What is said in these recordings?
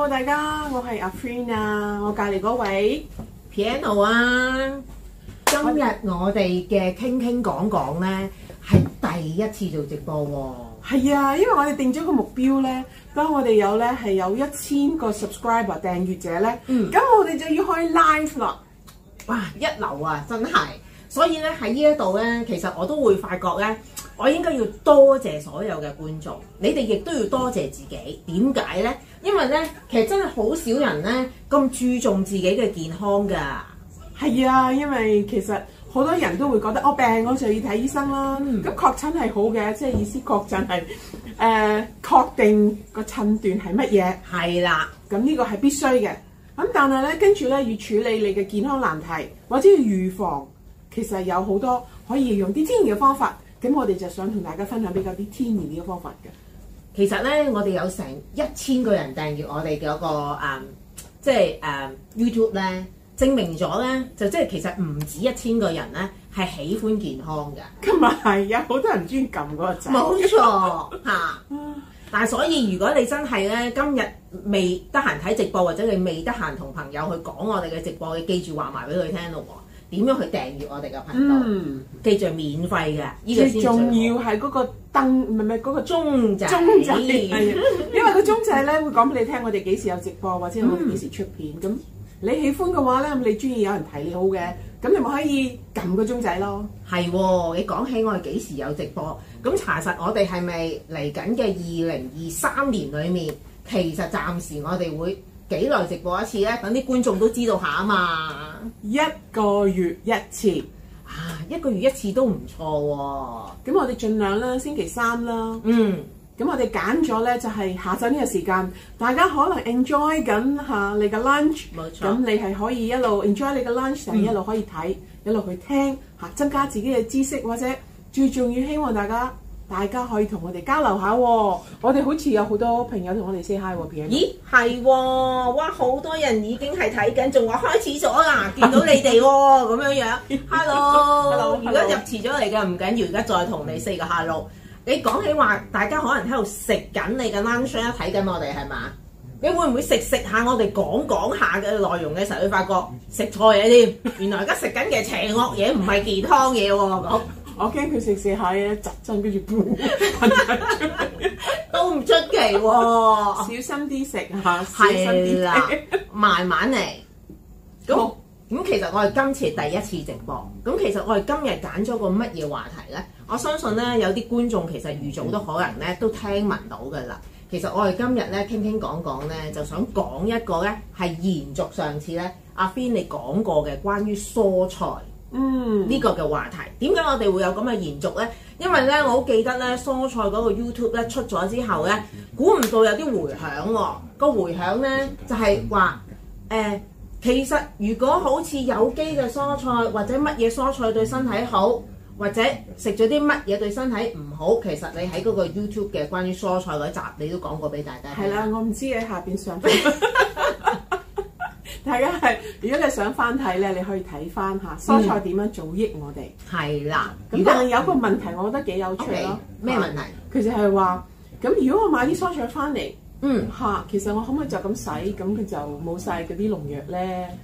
Hello 大家，我係阿 Freen 啊，我隔離嗰位 Piano 啊，今日我哋嘅傾傾講講咧，係第一次做直播喎。係啊，因為我哋定咗個目標咧，當我哋有咧係有一千個 subscriber 訂閱者咧，咁我哋就要開 live 啦。哇，一流啊，真係。所以咧喺呢一度咧，其實我都會發覺咧。我應該要多謝所有嘅觀眾，你哋亦都要多謝自己。點解呢？因為呢，其實真係好少人呢咁注重自己嘅健康㗎。係啊，因為其實好多人都會覺得我病，我就要睇醫生啦。咁確診係好嘅，即係意思確診係誒確定個診斷係乜嘢。係啦的，咁呢個係必須嘅。咁但係呢，跟住呢，要處理你嘅健康難題，或者要預防，其實有好多可以用啲天然嘅方法。咁我哋就想同大家分享比較啲天然嘅方法嘅、那個嗯嗯。其實咧，我哋有成一千個人訂閱我哋嗰個啊，即係啊 YouTube 咧，證明咗咧，就即係其實唔止一千個人咧係喜歡健康嘅。咁啊係啊，好多人專撳嗰個掣。冇錯嚇。但係所以如果你真係咧今日未得閒睇直播，或者你未得閒同朋友去講我哋嘅直播，你記住話埋俾佢聽咯喎。點樣去訂閱我哋嘅頻道？記住、嗯、免費嘅，而、這個先重要。仲要係嗰個燈，唔係唔係嗰個鐘仔。鐘仔， 因為個鐘仔咧 會講俾你聽，我哋幾時有直播或者我哋幾時出片。咁你喜歡嘅話咧，咁你中意有人睇你好嘅，咁你咪可以撳個鐘仔咯。係喎，你講起我哋幾時有直播，咁查、嗯哦、實我哋係咪嚟緊嘅二零二三年裡面，其實暫時我哋會。幾耐直播一次呢？等啲觀眾都知道下嘛！一個月一次啊，一個月一次都唔錯喎。咁我哋儘量啦，星期三啦。嗯，咁我哋揀咗呢，就係下晝呢個時間，大家可能 enjoy 緊嚇你個 lunch。冇錯。咁你係可以一路 enjoy 你嘅 lunch，但係、嗯、一路可以睇，一路去聽嚇，增加自己嘅知識，或者最重要希望大家。大家可以同我哋交流下喎、哦，我哋好似有好多朋友同我哋 say hi 喎，咦係喎、哦，哇好多人已經係睇緊，仲話開始咗啦，見到你哋喎咁樣樣。hello，hello，而家入遲咗嚟嘅唔緊要，而家 Hello, hello. 再同你 say 個 hello。你講起話，大家可能喺度食緊你嘅 lunch 啊，睇緊我哋係嘛？你會唔會食食下我哋講講下嘅內容嘅時候，會發覺食錯嘢添？原來而家食緊嘅邪惡嘢唔係健康嘢喎咁。我驚佢食食下嘢，集鎮跟住搬， 都唔出奇喎、啊。 小心啲食，小心啲啦，慢慢嚟。咁咁其實我哋今次第一次直播，咁其實我哋今日揀咗個乜嘢話題呢？我相信呢，有啲觀眾其實預早都可能咧都聽聞到㗎啦。其實我哋今日咧傾傾講講咧，就想講一個咧係延續上次咧阿 Vin 你講過嘅關於蔬菜。嗯，呢個嘅話題，點解我哋會有咁嘅延續呢？因為呢，我好記得呢蔬菜嗰個 YouTube 咧出咗之後呢，估唔到有啲迴響喎。個迴響咧就係話，呃，其實如果好似有機嘅蔬菜或者乜嘢蔬菜對身體好，或者食咗啲乜嘢對身體唔好，其實你喺嗰個 YouTube 嘅關於蔬菜嗰集，你都講過俾大家。係啦，我唔知你喺下邊算。大家係。如果你想翻睇咧，你可以睇翻吓蔬菜點樣造益我哋。係啦、嗯。咁但係有個問題，我覺得幾有趣咯。咩、嗯、問題？佢就係話咁，如果我買啲蔬菜翻嚟，嗯，吓，其實我可唔可以就咁洗？咁佢就冇晒嗰啲農藥咧？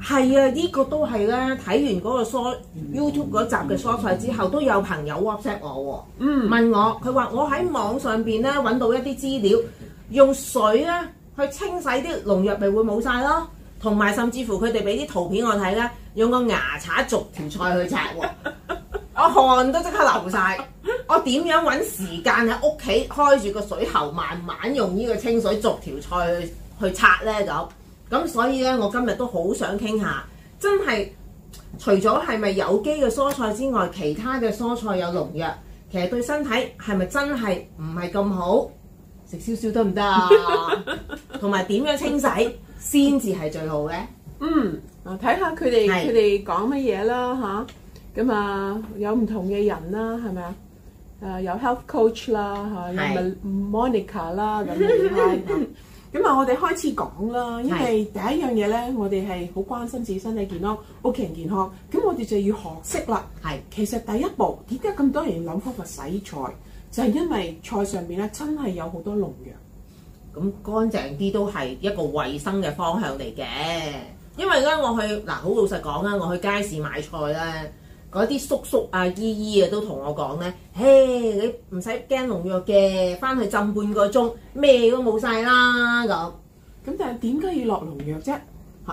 係啊，呢、這個都係啦。睇完嗰個蔬、嗯、YouTube 嗰集嘅蔬、嗯、菜之後，都有朋友 WhatsApp 我喎、哦。嗯。問我，佢話我喺網上邊咧揾到一啲資料，用水咧去清洗啲農藥，咪會冇晒咯？同埋甚至乎佢哋俾啲圖片我睇呢，用個牙刷逐條菜去刷，我汗都即刻流晒。我點樣揾時間喺屋企開住個水喉，慢慢用呢個清水逐條菜去去刷呢？咁咁所以呢，我今日都好想傾下，真係除咗係咪有機嘅蔬菜之外，其他嘅蔬菜有農藥，其實對身體係咪真係唔係咁好？食少少得唔得啊？同埋點樣清洗？先至係最好嘅。嗯，啊睇下佢哋佢哋講乜嘢啦嚇，咁啊有唔同嘅人啦，係咪啊？誒有 health coach 啦嚇，有咪 Monica 啦咁樣啦咁。咁啊，我哋開始講啦，因為第一樣嘢咧，我哋係好關心自己身體健康、屋企人健康，咁我哋就要學識啦。係，其實第一步點解咁多人諗方法洗菜，就係因為菜上邊咧真係有好多農藥。咁乾淨啲都係一個衞生嘅方向嚟嘅，因為而家我去嗱好老實講啦，我去街市買菜咧，嗰啲叔叔阿姨姨啊都同我講咧，誒你唔使驚農藥嘅，翻去浸半個鐘，咩都冇晒啦咁。咁但係點解要落農藥啫？嚇、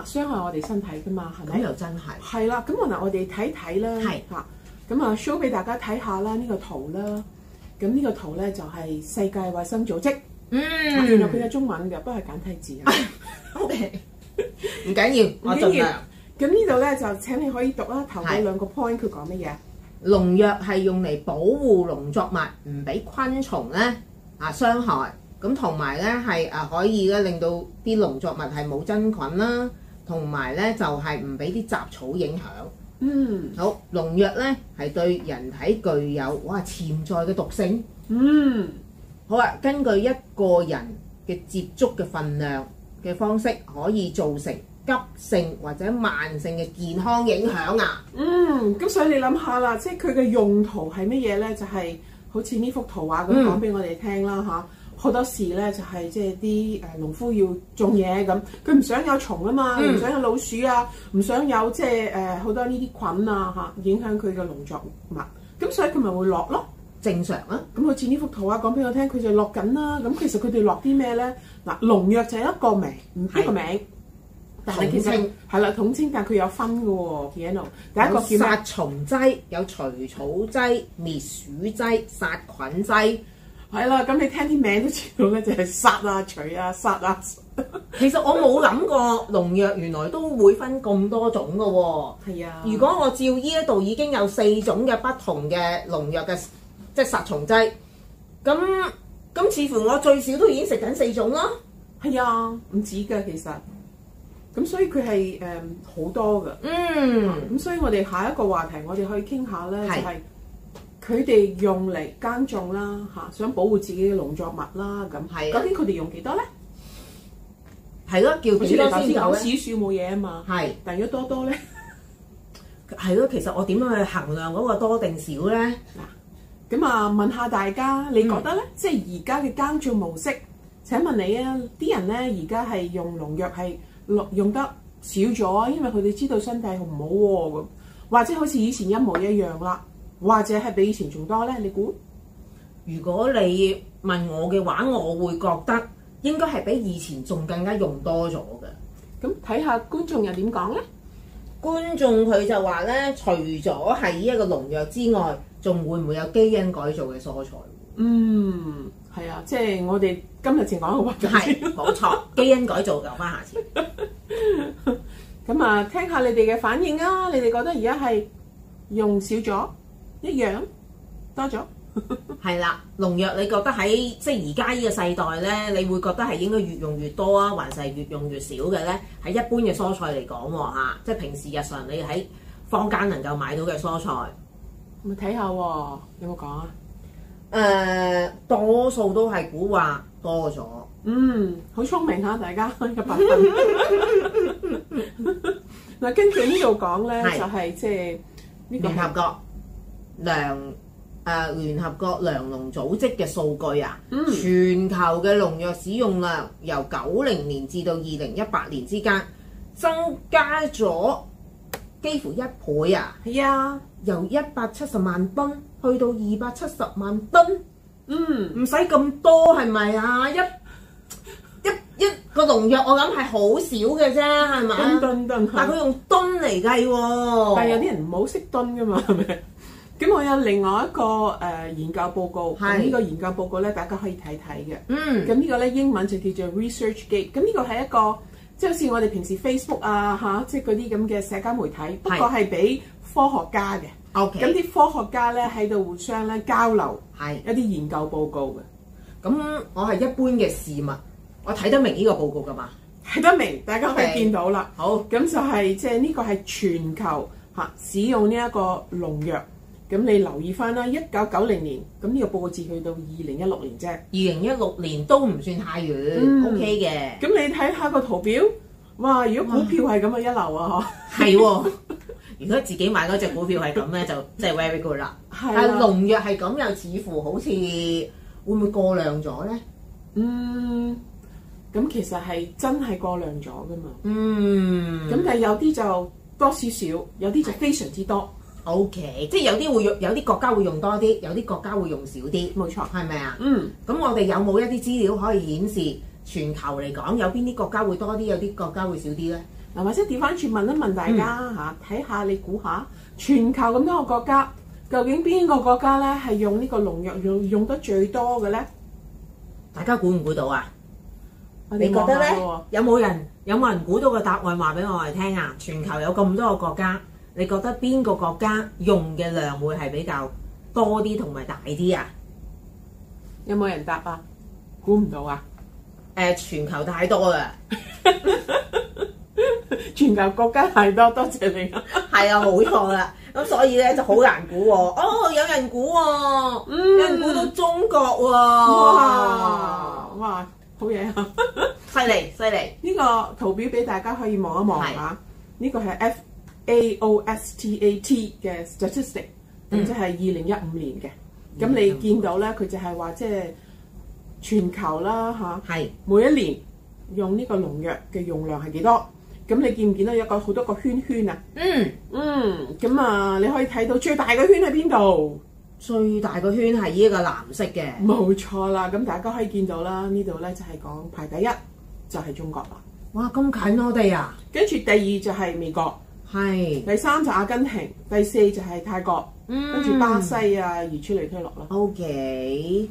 啊，傷害我哋身體噶嘛，係咪？又真係。係啦，咁可能我哋睇睇啦，嚇、啊，咁啊 show 俾大家睇下啦，呢、這個圖啦，咁呢個圖咧就係、是、世界衞生組織。嗯，原來佢有中文嘅，不過係簡體字。O K，唔緊要，我盡量。咁呢度咧就請你可以讀啊，頭嗰兩個 point 佢講乜嘢？農藥係用嚟保護農作物，唔俾昆蟲咧啊傷害。咁同埋咧係啊可以咧令到啲農作物係冇真菌啦，同埋咧就係唔俾啲雜草影響。嗯，好，農藥咧係對人體具有哇潛在嘅毒性。嗯。好啊，根據一個人嘅接觸嘅份量嘅方式，可以造成急性或者慢性嘅健康影響啊、嗯。嗯，咁、嗯、所以你諗下啦，即係佢嘅用途係乜嘢咧？就係、是、好似呢幅圖畫咁講俾我哋聽啦，嚇好多時咧就係、是、即係啲誒農夫要種嘢咁，佢唔想有蟲啊嘛，唔、嗯、想有老鼠有、呃、啊，唔想有即係誒好多呢啲菌啊嚇影響佢嘅農作物，咁、嗯嗯、所以佢咪會落咯。正常啊，咁好似呢幅圖啊，講俾我聽，佢就落緊啦。咁其實佢哋落啲咩咧？嗱，農藥就係一個名，唔係一個名，統稱係啦，統稱，但係佢有分嘅喎。第一個叫殺蟲劑，有除草劑，滅鼠劑，殺菌劑，係啦。咁你聽啲名都知道咧，就係殺啊、除啊、殺啊。其實我冇諗過農藥原來都會分咁多種嘅喎。係啊，如果我照呢一度已經有四種嘅不同嘅農藥嘅。即係殺蟲劑，咁咁似乎我最少都已經食緊四種啦。係啊，唔止噶其實。咁所以佢係誒好多噶。嗯。咁、嗯、所以我哋下一個話題，我哋可以傾下咧，是就係佢哋用嚟耕種啦，吓想保護自己嘅農作物啦，咁。係。究竟佢哋用幾多咧？係咯，叫佢哋首先講少有少冇嘢啊嘛。係的。但係如果多多咧？係 咯，其實我點樣去衡量嗰個多定少咧？嗱。咁啊，問下大家，你覺得咧？嗯、即係而家嘅耕作模式？請問你啊，啲人咧而家係用農藥係落用得少咗，因為佢哋知道身體好唔好喎咁，或者好似以前一模一樣啦，或者係比以前仲多咧？你估？如果你問我嘅話，我會覺得應該係比以前仲更加用多咗嘅。咁睇下觀眾又點講咧？觀眾佢就話咧，除咗係呢一個農藥之外。仲會唔會有基因改造嘅蔬菜？嗯，係啊，即係我哋今日先講一個話題，冇錯。 基因改造留翻下次。咁 啊，聽下你哋嘅反應啊！你哋覺得而家係用少咗、一樣、多咗？係 啦、啊，農藥你覺得喺即係而家呢個世代咧，你會覺得係應該越用越多啊，還是係越用越少嘅咧？喺一般嘅蔬菜嚟講喎嚇，即係平時日常你喺坊間能夠買到嘅蔬菜。咪睇下喎，有冇講啊？誒、呃，多數都係古話多咗。嗯，好聰明啊！大家一百分。嗱， 跟住呢度講咧，就係即係呢個聯合國糧誒聯合國糧農組織嘅數據啊！嗯、全球嘅農藥使用量由九零年至到二零一八年之間增加咗幾乎一倍啊！係啊！1 由一百七十萬噸去到二百七十萬噸，嗯，唔使咁多係咪啊？一一一個農藥我諗係好少嘅啫，係咪？噸噸噸，但係佢用噸嚟計喎。但係有啲人唔好識噸㗎嘛，係咪？咁我有另外一個誒、呃、研究報告，咁呢是個研究報告咧，大家可以睇睇嘅。嗯，咁呢個咧英文就叫做 Research Gate，咁呢個係一個即係好似我哋平時 Facebook 啊嚇，即係嗰啲咁嘅社交媒體，不過係畀。是科學家嘅，咁啲 Okay. 科學家咧喺度互相咧交流，係一啲研究報告嘅。咁、嗯、我係一般嘅市民，我睇得明呢個報告噶嘛？睇得明，大家可以 Okay. 見到啦。好，咁就係即係呢個係全球嚇使用呢一個農藥。咁你留意翻啦，一九九零年，咁呢個報告至去到二零一六年啫。二零一六年都唔算太遠，OK 嘅。咁你睇下個圖表，哇！如果股票係咁嘅一流啊，嗬哇，係喎、 哦。如果自己買嗰隻股票係咁咧， 就即係 very good 啦。啊、但係農藥係咁又似乎好似會唔會過量咗咧？嗯，咁其實係真係過量咗㗎嘛。嗯。咁但係有啲就多少少，有啲就非常之多。OK，即係有啲會用，有啲國家會用多啲，有啲國家會用少啲。冇錯。係咪啊？嗯。咁我哋有冇一啲資料可以顯示全球嚟講，有邊啲國家會多啲，有啲國家會少啲咧？嗱，或者調翻轉問一問大家嚇，睇、嗯、下你估下全球咁多個國家，究竟邊個國家咧，係用呢個農藥用用得最多嘅咧？大家估唔估到啊？看看你覺得咧、啊？有冇人有冇人估到個答案話俾我哋聽啊？全球有咁多個國家，你覺得邊個國家用嘅量會係比較多啲同埋大啲啊？有冇人答啊？估唔到啊？誒、呃，全球太多啦。 全球國家係多，多謝你。係啊，冇錯啦。咁所以咧就好難估喎。哦，有人估喎，有人估到中國喎。哇哇，好嘢啊！犀利犀利。呢個圖表俾大家可以望一望嚇。呢個係 F A O S T A T 嘅 statistic，咁即係二零一五年嘅。咁你見到咧，佢就係話即係全球啦嚇。係。每一年用呢個農藥嘅用量係幾多？咁你見唔見到有個好多個圈圈啊？嗯嗯，咁、嗯、啊，你可以睇到最大嘅圈喺邊度？最大嘅圈係呢一個藍色嘅，冇錯啦。咁大家可以見到啦，呢度咧就係講排第一就係、是、中國啦。哇，咁近我哋啊！跟住第二就係美國，係是，第三就阿根廷，第四就係泰國，嗯、跟住巴西啊，如此類推落啦。O K。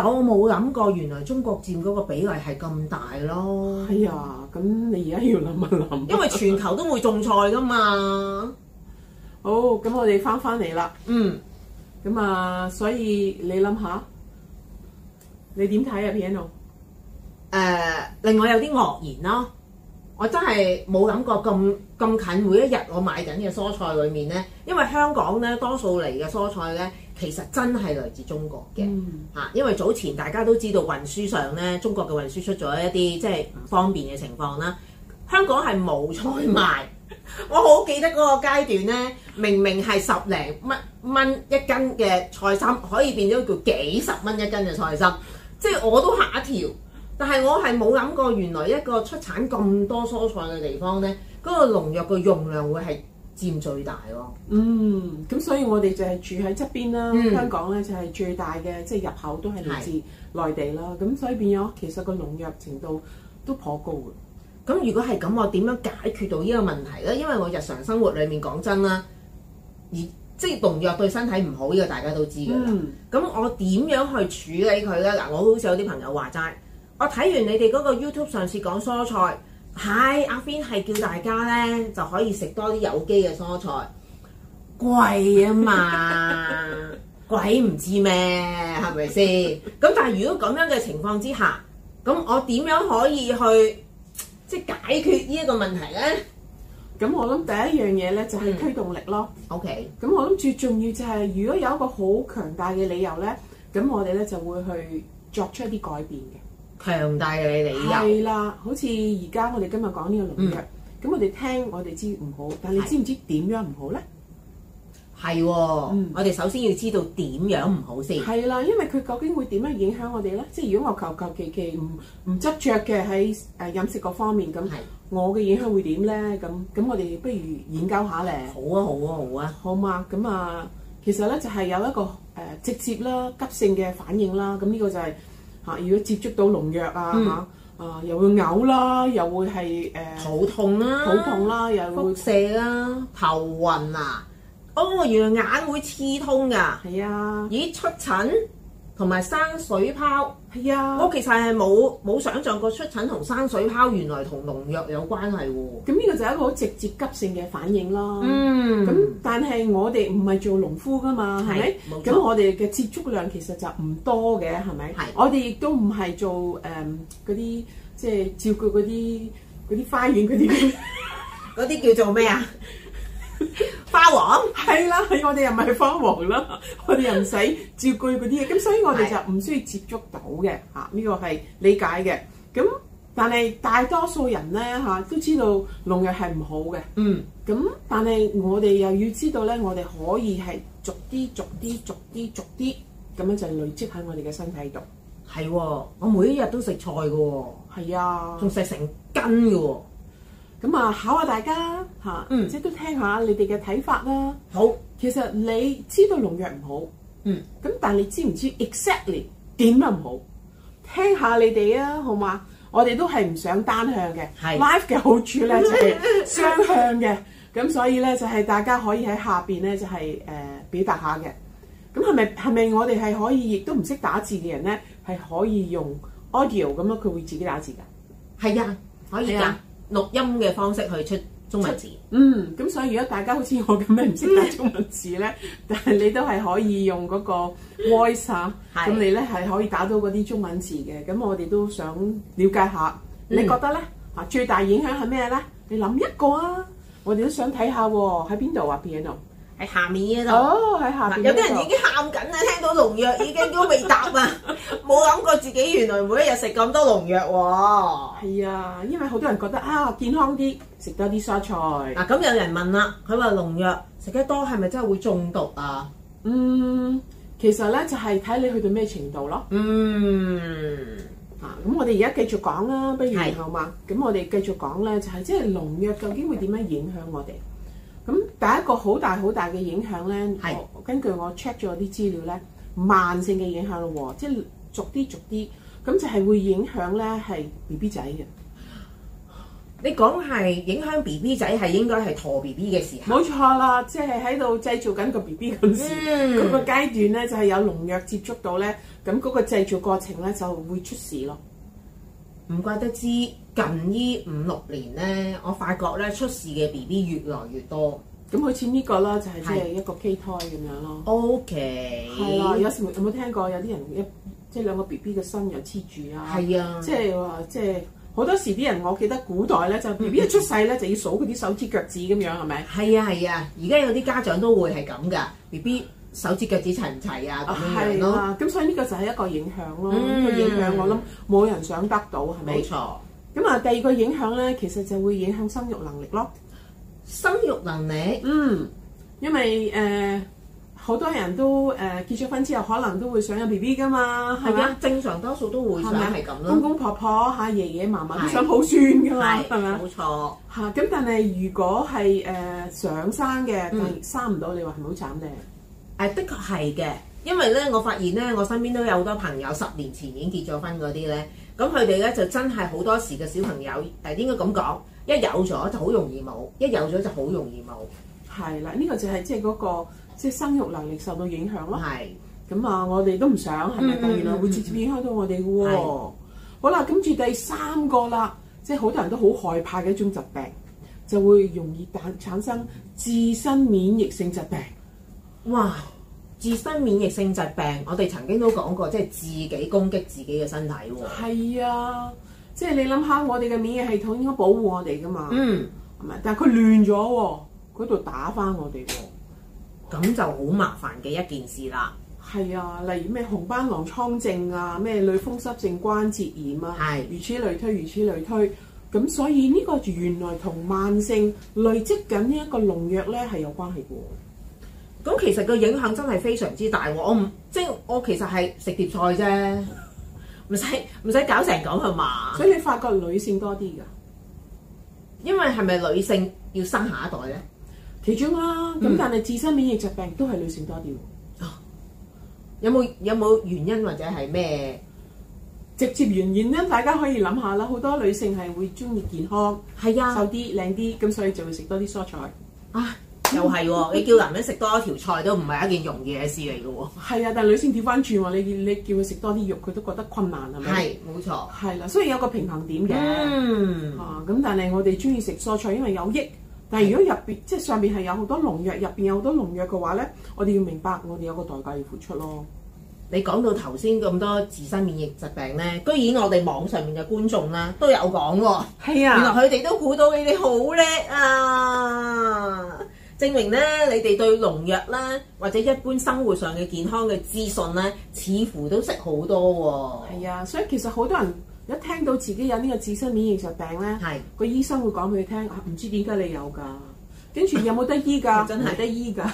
但我冇諗過，原來中國佔嗰個比例係咁大咯。係啊、哎，咁你而家要諗一諗。 因為全球都會種菜噶嘛。好，咁我哋翻返嚟啦。嗯，咁啊，所以你諗下，你點睇啊片啊？誒、呃，令我有啲愕然咯。我真係冇諗過咁咁近每一日我買緊嘅蔬菜裏面咧，因為香港咧多數嚟嘅蔬菜咧。其實真係來自中國嘅嚇、啊，因為早前大家都知道運輸上呢，中國嘅運輸出咗一啲即係唔方便嘅情況啦。香港係冇菜賣，我好記得嗰個階段呢，明明係十零蚊蚊一斤嘅菜心，可以變咗叫幾十蚊一斤嘅菜心，即係我都嚇一跳。但係我係冇諗過，原來一個出產咁多蔬菜嘅地方呢，嗰個農藥嘅用量會係。佔最大咯、哦，嗯，咁所以我哋就係住喺側邊啦。嗯、香港咧就係最大嘅，即、就、係、是、入口都係嚟自內地啦。咁是所以變咗，其實個農藥程度都頗高嘅。咁、嗯、如果係咁，我點樣解決到呢個問題呢？因為我日常生活裡面講真啦，而即係、就是、農藥對身體唔好，呢、這個大家都知㗎喇。咁、嗯、我點樣去處理佢呢？嗱，我好似有啲朋友話齋，我睇完你哋嗰個 YouTube 上次講蔬菜。係，阿 Vin 係叫大家咧就可以食多啲有機嘅蔬菜，貴啊嘛， 鬼唔知咩，係咪先？咁 但係如果咁樣嘅情況之下，咁我點樣可以去即係解決呢一個問題咧？咁我諗第一樣嘢咧就係、是、推動力咯。OK。咁我諗最重要就係、是、如果有一個好強大嘅理由咧，咁我哋咧就會去作出一啲改變嘅。強大嘅理由係啦，好似而家我哋今日講呢個農藥，咁、嗯、我哋聽我哋知唔好，是但係你知唔知點樣唔好咧？係喎的，嗯、我哋首先要知道點樣唔好先。係啦，因為佢究竟會點樣影響我哋咧？即係如果我求求其其唔唔執着嘅喺誒飲食各方面咁，我嘅影響會點咧？咁咁我哋不如研究下咧。好啊，好啊，好啊。好嘛，咁啊，其實咧就係有一個誒直接啦、急性嘅反應啦，咁呢個就係、是。啊！如果接觸到農藥啊嚇，嗯、啊又會嘔啦，又會係誒肚痛啦，肚痛啦，又會瀉啦，啊、頭暈啊！哦，原來眼會刺痛㗎，係啊，啊咦出疹？同埋生水泡，係啊，我其實係冇冇想像過出疹同生水泡原來同農藥有關係喎。咁呢個就係一個好直接急性嘅反應啦。嗯，咁但係我哋唔係做農夫㗎嘛，係咪？冇錯。咁我哋嘅接觸量其實就唔多嘅，係咪？係是。我哋亦都唔係做誒嗰啲即係照顧嗰啲嗰啲花園嗰啲，嗰啲 叫做咩啊？ 花王係啦，我哋又唔係花王啦，我哋又唔使照顧嗰啲嘢，咁 所以我哋就唔需要接觸到嘅，吓呢個係理解嘅。咁但係大多數人咧，吓、啊、都知道農藥係唔好嘅，嗯，咁但係我哋又要知道咧，我哋可以係逐啲逐啲逐啲逐啲咁樣就累積喺我哋嘅身體度。係、哦，我每一日都食菜嘅、哦，係啊，仲食成斤嘅、哦。咁啊，考下、啊、大家嚇，啊、嗯，即都聽下你哋嘅睇法啦。好，其實你知道農藥唔好，嗯，咁但係你知唔知 exactly 點都唔好？聽下你哋啊，好嘛？我哋都係唔想單向嘅，係 life 嘅好處咧就係雙向嘅，咁 所以咧就係、是、大家可以喺下邊咧就係、是、誒、呃、表達下嘅。咁係咪係咪我哋係可以亦都唔識打字嘅人咧，係可以用 audio 咁樣佢會自己打字噶？係啊，可以啊。錄音嘅方式去出中文字，嗯，咁所以如果大家好似我咁樣唔識打中文字咧， 但係你都係可以用嗰個 voice 啊， 咁你咧係可以打到嗰啲中文字嘅，咁我哋都想了解下，你覺得咧嚇、嗯、最大影響係咩咧？你諗一個啊，我哋都想睇下喎，喺邊度啊？邊度、啊？喺下面呢度，oh, 喺下面有啲人已經喊緊啦！聽到農藥已經都未答啦，冇諗 過自己原來每一日食咁多農藥喎、啊。係啊，因為好多人覺得啊，健康啲，食多啲蔬菜。嗱、啊，咁有人問啦，佢話農藥食得多係咪真係會中毒啊？嗯，其實咧就係、是、睇你去到咩程度咯。嗯，啊，咁我哋而家繼續講啦，不如係嘛？咁是我哋繼續講咧，就係即係農藥究竟會點樣影響我哋？咁第一個好大好大嘅影響咧，是我根據我 check 咗啲資料咧，慢性嘅影響咯喎，即係逐啲逐啲，咁就係會影響咧，係 B B 仔嘅。你講係影響 B B 仔，係應該係陀 B B 嘅時候，冇錯啦，即係喺度製造緊個 B B 嗰時，嗰、嗯、個階段咧就係、是、有農藥接觸到咧，咁嗰個製造過程咧就會出事咯。唔怪得知近呢五六年咧，我發覺咧出事嘅 B B 越來越多，咁好似呢個啦，就係即係一個胚胎咁樣咯。O K，係啊，有時有冇聽過有啲人一即係兩個 B B 嘅身又黐住啊？係啊，即係話即係好多時啲人，我記得古代咧就是、B B 一出世咧就要數佢啲手指腳趾咁樣係咪？係啊係啊，而家、啊、有啲家長都會係咁噶 B B。BB 手指腳趾齊唔齊啊？咁樣咯，咁所以呢個就係一個影響咯。個影響我諗冇人想得到，係咪？冇錯。咁啊，第二個影響咧，其實就會影響生育能力咯。生育能力，嗯，因為誒好多人都誒結咗婚之後，可能都會想有 B B 噶嘛，係咪啊？正常多數都會想，係咪啊？係咁咯。公公婆婆嚇，爺爺嫲嫲都想抱孫噶嘛，係咪？冇錯。嚇！咁但係如果係誒想生嘅，但生唔到，你話係咪好慘咧？誒，的確係嘅，因為咧，我發現咧，我身邊都有好多朋友，十年前已經結咗婚嗰啲咧，咁佢哋咧就真係好多時嘅小朋友，誒，應該咁講，一有咗就好容易冇，一有咗就好容易冇。係啦，呢個就係即係嗰個即係生育能力受到影響咯，係。咁啊，我哋都唔想，係咪先？嗯嗯，當然會直接影響到我哋嘅喎。好啦，跟住第三個啦，即係好多人都好害怕嘅一種疾病，就會容易產產生自身免疫性疾病。哇！自身免疫性疾病，我哋曾經都講過，即係自己攻擊自己嘅身體喎。係啊，即係你諗下，我哋嘅免疫系統應該保護我哋㗎嘛？嗯，係咪？但係佢亂咗喎，佢度打返我哋喎，咁就好麻煩嘅一件事啦。係啊，例如咩紅斑狼瘡症啊，咩類風濕性關節炎啊，係是，如此類推，如此類推。咁所以呢個原來同慢性累積緊呢一個農藥咧係有關係嘅。咁其實個影響真係非常之大喎！我唔即係我其實係食碟菜啫，唔使唔使搞成咁係嘛？所以你發覺女性多啲㗎，因為係咪女性要生下一代咧？其中啦、啊，咁但係自身免疫疾病都係女性多啲喎、嗯。有冇有冇原因或者係咩直接原因咧？大家可以諗下啦，好多女性係會鍾意健康，係啊，瘦啲靚啲，咁所以就會食多啲蔬菜啊。又係喎，你叫男人食多一條菜都唔係一件容易嘅事嚟嘅喎。係啊，但係女性調翻轉喎，你你叫佢食多啲肉，佢都覺得困難係咪？係，冇錯。係啦、啊，所以有個平衡點嘅。嗯。咁、啊、但係我哋中意食蔬菜，因為有益。但係如果入邊、啊、即係上面係有好多農藥，入邊有好多農藥嘅話咧，我哋要明白，我哋有個代價要付出咯。你講到頭先咁多自身免疫疾病咧，居然我哋網上面嘅觀眾咧都有講喎。係啊。原來佢哋都估到你哋好叻啊！ 證明咧，你哋對農藥啦，或者一般生活上嘅健康嘅資訊咧，似乎都識好多喎、哦。係啊，所以其實好多人一聽到自己有呢個自身免疫性疾病咧，個是醫生會講佢聽，唔、啊、知點解你有㗎，跟住有冇得醫㗎？ 真係的得醫㗎，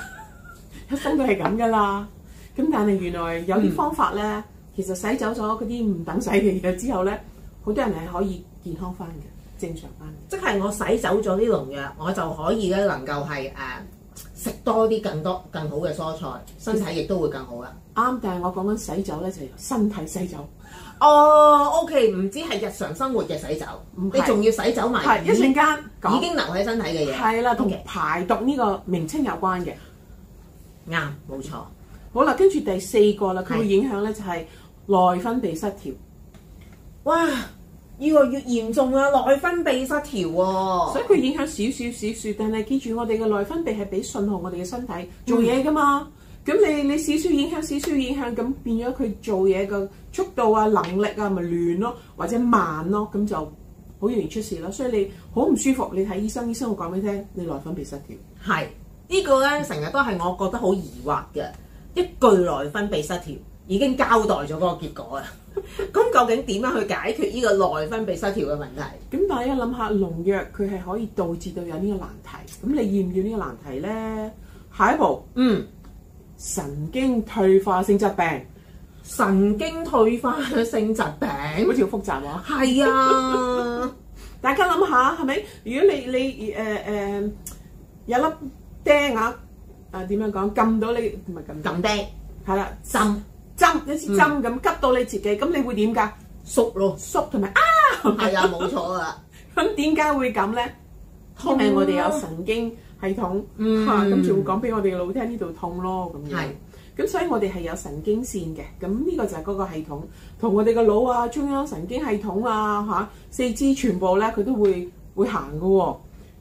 一生都係咁㗎啦。咁但係原來有啲方法咧，嗯、其實洗走咗嗰啲唔等使嘅藥之後咧，好多人都係可以健康翻嘅。正常翻，即係我洗走咗啲農藥，我就可以咧，能夠係誒食多啲更多更好嘅蔬菜，身體亦都會更好噶。啱、嗯，但係我講緊洗走咧就是、身體洗走。哦，OK，唔止係日常生活嘅洗走，是你仲要洗走埋，係一瞬間已經留喺身體嘅嘢，係啦的，同 Okay 排毒呢個名稱有關嘅。啱，冇錯。好啦，跟住第四個啦，佢會的影響咧就係、是、內分泌失調。哇！.呢個越嚟越嚴重啊，內分泌失調，啊、所以佢影響少少少少，但係記住我哋嘅內分泌係俾信號我哋嘅身體做嘢㗎嘛。咁、嗯、你你少少影響少少影響，咁變咗佢做嘢嘅速度啊，能力啊，咪亂咯，或者慢咯，咁就好容易出事咯。所以你好唔舒服，你睇醫生，醫生會講俾你聽，你內分泌失調。係、這個、呢個咧，成日都係我覺得好疑惑嘅，一句內分泌失調。已經交代咗嗰個結果啊！咁究竟點樣去解決呢個內分泌失調嘅問題？咁大家諗下農藥佢係可以導致到有呢個難題？咁你驗唔驗呢個難題咧？下一步，嗯，神經退化性疾病，神經退化性疾病好似好複雜啊。係啊，大家諗下係咪？如果你你誒誒有粒釘啊啊點樣講？撳到你唔係撳撳釘係啦，針。針，一支針咁、嗯、急到你自己，咁你會點㗎？縮咯了縮，同埋啊，係 啊，冇錯啊。咁點解會咁咧？因為我哋有神經系統嚇，跟住、嗯啊、會講俾我哋嘅腦聽呢度痛咯，咁的樣。係咁，所以我哋係有神經線嘅。咁呢個就係嗰個系統，同我哋嘅腦啊、中央神經系統啊、嚇、啊、四肢全部咧，佢都會會行㗎喎、哦。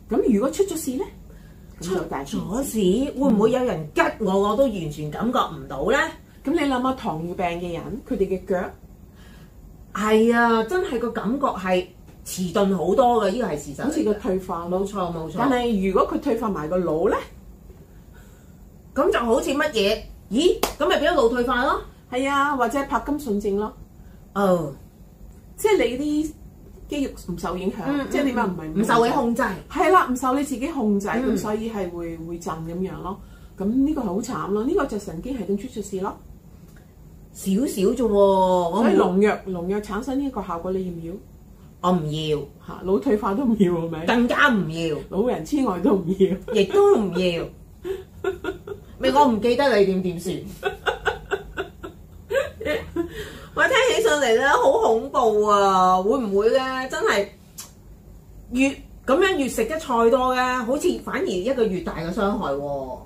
咁如果出咗事咧，出大咗事會唔會有人吉我，我都完全感覺唔到咧？咁你諗下糖尿病嘅人，佢哋嘅腳係啊，真係個感覺係遲鈍好多嘅，呢個係事實。好似個退化，冇錯冇錯。但係如果佢退化埋個腦咧，咁就好似乜嘢？咦，咁咪變咗腦退化咯？係啊，或者柏金遜症咯。哦，即係你啲肌肉唔受影響，即係點解唔係唔受你控制？係啦，唔受你自己控制，咁所以係會會震咁樣咯。咁呢個係好慘咯，呢個就神經系統出出事咯。少少啫喎，我所以農藥農藥產生呢一個效果，你要唔要？我唔要嚇，腦退化都唔要，係咪？更加唔要，老人痴呆都唔要，亦都唔要。咪我唔記得你點點算。 我聽起上嚟咧，好恐怖啊！會唔會咧？真係越咁樣越食得菜多咧，好似反而一個越大嘅傷害喎、啊。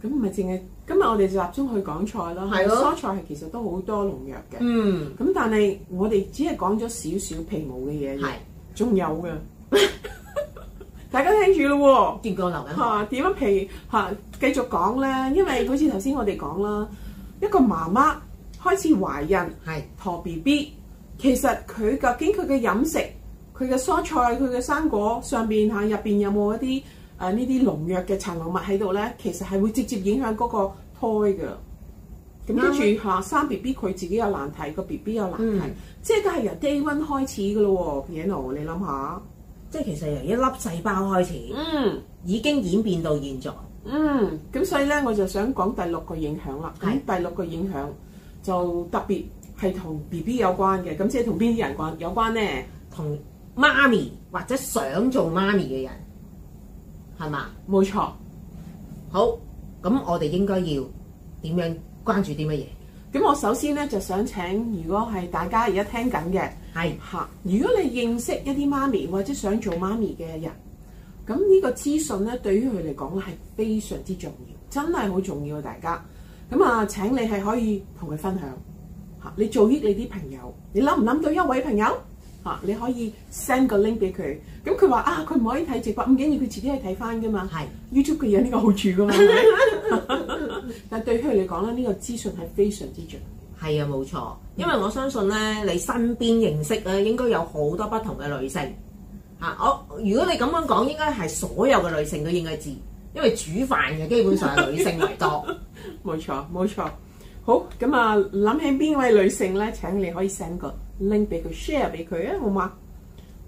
咁咪淨係。今日我哋集中去講菜啦，的蔬菜係其實都好多農藥嘅。嗯，咁但係我哋只係講咗少少皮毛嘅嘢，仲的有嘅， 大家聽住咯喎。見過留緊嚇點啊樣皮嚇、啊，繼續講咧，因為好似頭先我哋講啦，一個媽媽開始懷孕，係陀 B B，其實佢究竟佢嘅飲食、佢嘅蔬菜、佢嘅生果上邊嚇入邊有冇一啲？誒呢啲農藥嘅殘留物喺度咧，其實係會直接影響嗰個胎嘅。咁跟住下生 B B 佢自己有難題，個 B B 有難題，嗯、即係都係由低溫開始嘅咯喎 you know 你諗下，即係其實由一粒細胞開始，嗯、已經演變到現在。嗯，咁、嗯、所以咧我就想講第六個影響啦。係是第六個影響就特別係同 B B 有關嘅，咁即係同邊啲人關有關咧？同媽咪或者想做媽咪嘅人。係嘛？冇錯。好，咁我哋應該要點樣關注啲乜嘢？咁我首先呢就想請，如果係大家而家聽緊嘅，係吓是，如果你認識一啲媽咪或者想做媽咪嘅人，咁呢個資訊呢對於佢嚟講係非常之重要，真係好重要嘅。大家，咁啊，請你係可以同佢分享吓，你做益你啲朋友，你諗唔諗到一位朋友？吓、啊！你可以 send 個 link 俾佢，咁佢話啊，佢唔可以睇直播，唔緊要，佢自己去睇翻噶嘛。係是 YouTube 佢有呢個好處噶嘛。 但對佢嚟講咧，呢、呢個資訊係非常之準。係啊，冇錯，因為我相信咧，你身邊認識咧，應該有好多不同嘅女性。嚇！我如果你咁樣講，應該係所有嘅女性都應該知，因為煮飯嘅基本上係女性為多。冇 錯，冇錯。好，咁啊，諗起邊位女性咧？請你可以 send 個。拎俾佢 share 俾佢啊，好嘛？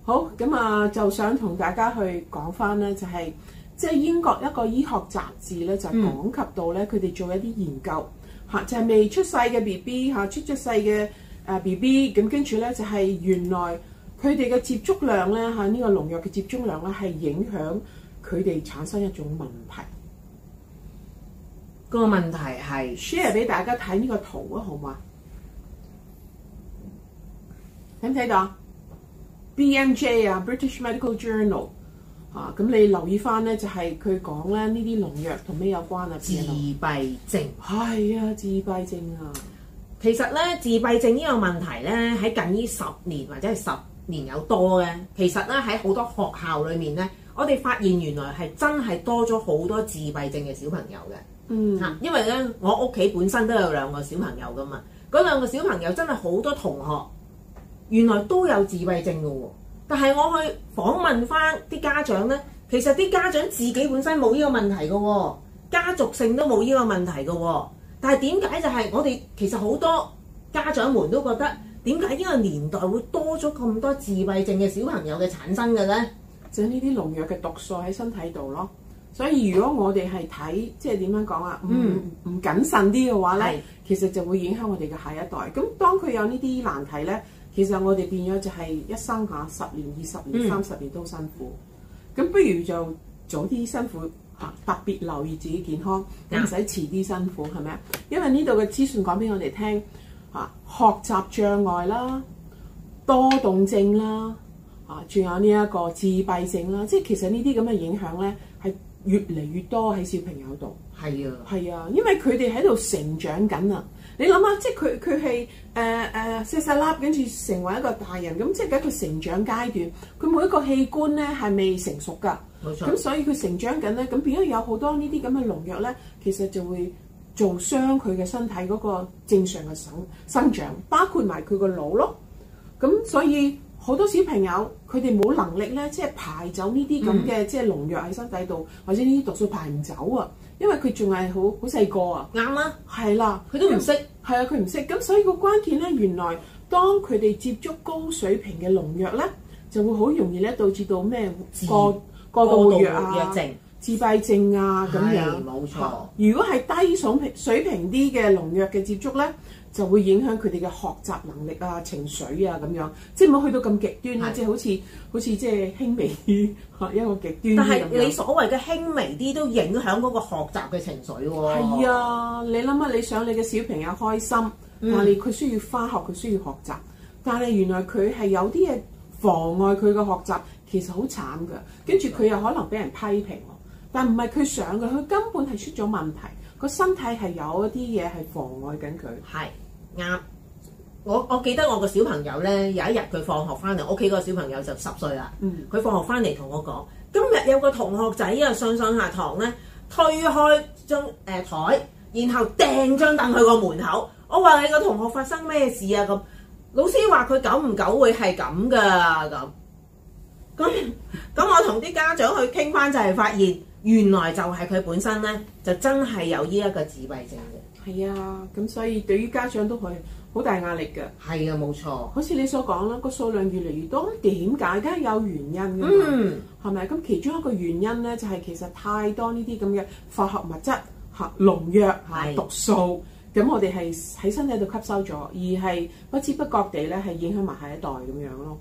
好咁啊，就想同大家去講翻咧，就係即係英國一個醫學雜誌咧，就講、是、及到咧，佢哋做一啲研究，吓、嗯啊、就係、是、未出世嘅 B B 吓、啊，出咗世嘅誒 B B，咁跟住咧就係、是、原來佢哋嘅接觸量咧，吓、啊這個、呢個農藥嘅接觸量咧，係影響佢哋產生一種問題。個問題係 share 俾大家睇呢個圖啊，好嘛？咁睇到 BMJ 啊，British Medical Journal 啊，咁你留意翻呢，就係佢講咧呢啲農藥同咩有關啊？自閉症，係啊、哎，自閉症啊，其實呢，自閉症呢個問題呢，喺近呢十年或者係十年有多嘅，其實呢，喺好多學校裏面呢，我哋發現原來係真係多咗好多自閉症嘅小朋友嘅，嗯、啊，因為呢，我屋企本身都有兩個小朋友噶嘛，嗰兩個小朋友真係好多同學。原來都有自閉症嘅喎、哦，但係我去訪問翻啲家長呢，其實啲家長自己本身冇呢個問題嘅喎、哦，家族性都冇呢個問題嘅喎、哦，但係點解就係我哋其實好多家長們都覺得點解呢個年代會多咗咁多自閉症嘅小朋友嘅產生嘅呢？就係呢啲農藥嘅毒素喺身體度咯。所以如果我哋係睇即係點樣講啊，唔唔、嗯、謹慎啲嘅話呢，是其實就會影響我哋嘅下一代。咁當佢有呢啲難題呢。其實我哋變咗就係一生下十年二十年三十年都辛苦，咁、嗯、不如就早啲辛苦嚇，特別留意自己健康，唔使遲啲辛苦，係咪啊，啊，啊，啊，啊？因為呢度嘅資訊講俾我哋聽嚇，學習障礙啦，多動症啦，嚇，仲有呢一個自閉症啦，即係其實呢啲咁嘅影響咧，係越嚟越多喺小朋友度。係啊，係啊，因為佢哋喺度成長緊啊。你諗下，即係佢佢係誒誒細細粒，跟住、呃呃、成為一個大人咁，即係喺佢成長階段，佢每一個器官咧係未成熟噶，咁冇錯、所以佢成長緊咧，咁變咗有好多呢啲咁嘅農藥咧，其實就會造傷佢嘅身體嗰個正常嘅生生長，嗯、包括埋佢個腦咯。咁所以好多小朋友佢哋冇能力咧，即係排走呢啲咁嘅即係農藥喺身體度，嗯、或者呢啲毒素排唔走啊。因為佢仲係好好細個啊，啱啦，係啦，佢都唔識，係啊，佢唔識，咁不所以個關鍵呢，原來當佢哋接觸高水平嘅農藥呢，就會好容易呢導致到咩過過度藥嘅症、自閉症啊咁的樣，冇錯錯、啊。如果係低水平水平啲嘅農藥嘅接觸呢？就會影響佢哋嘅學習能力啊、情緒啊咁樣，即唔好去到咁極端啦，的即係好似好似即係輕微啲一個極端。但係你所謂嘅輕微啲都影響嗰個學習嘅情緒喎。係啊，你諗下你想，想你嘅小朋友開心，嗯、但係佢需要翻學，佢需要學習，但係原來佢係有啲嘢妨礙佢嘅學習，其實好慘㗎。跟住佢又可能俾人批評，但唔係佢想嘅，佢根本係出咗問題，個身體係有一啲嘢係妨礙緊佢。係的。啱，我我記得我個小朋友咧，有一日佢放學翻嚟，屋企嗰個小朋友就十歲啦。佢、嗯、放學翻嚟同我講：今日有個同學仔啊，上上下堂咧，推開張誒枱，然後掟張凳去個門口。我話你個同學發生咩事啊？咁老師話佢久唔久會係咁㗎咁。咁咁我同啲家長去傾翻就係、是、發現，原來就係佢本身咧，就真係有呢一個自閉症。係啊，咁所以對於家長都係好大壓力嘅。係啊，冇錯。好似你所講啦，個數量越嚟越多，點解梗係有原因㗎嘛？係咪、嗯？咁其中一個原因咧，就係、是、其實太多呢啲咁嘅化學物質嚇、農藥是毒素，咁我哋係喺身體度吸收咗，而係不知不覺地咧，係影響埋下一代咁樣咯。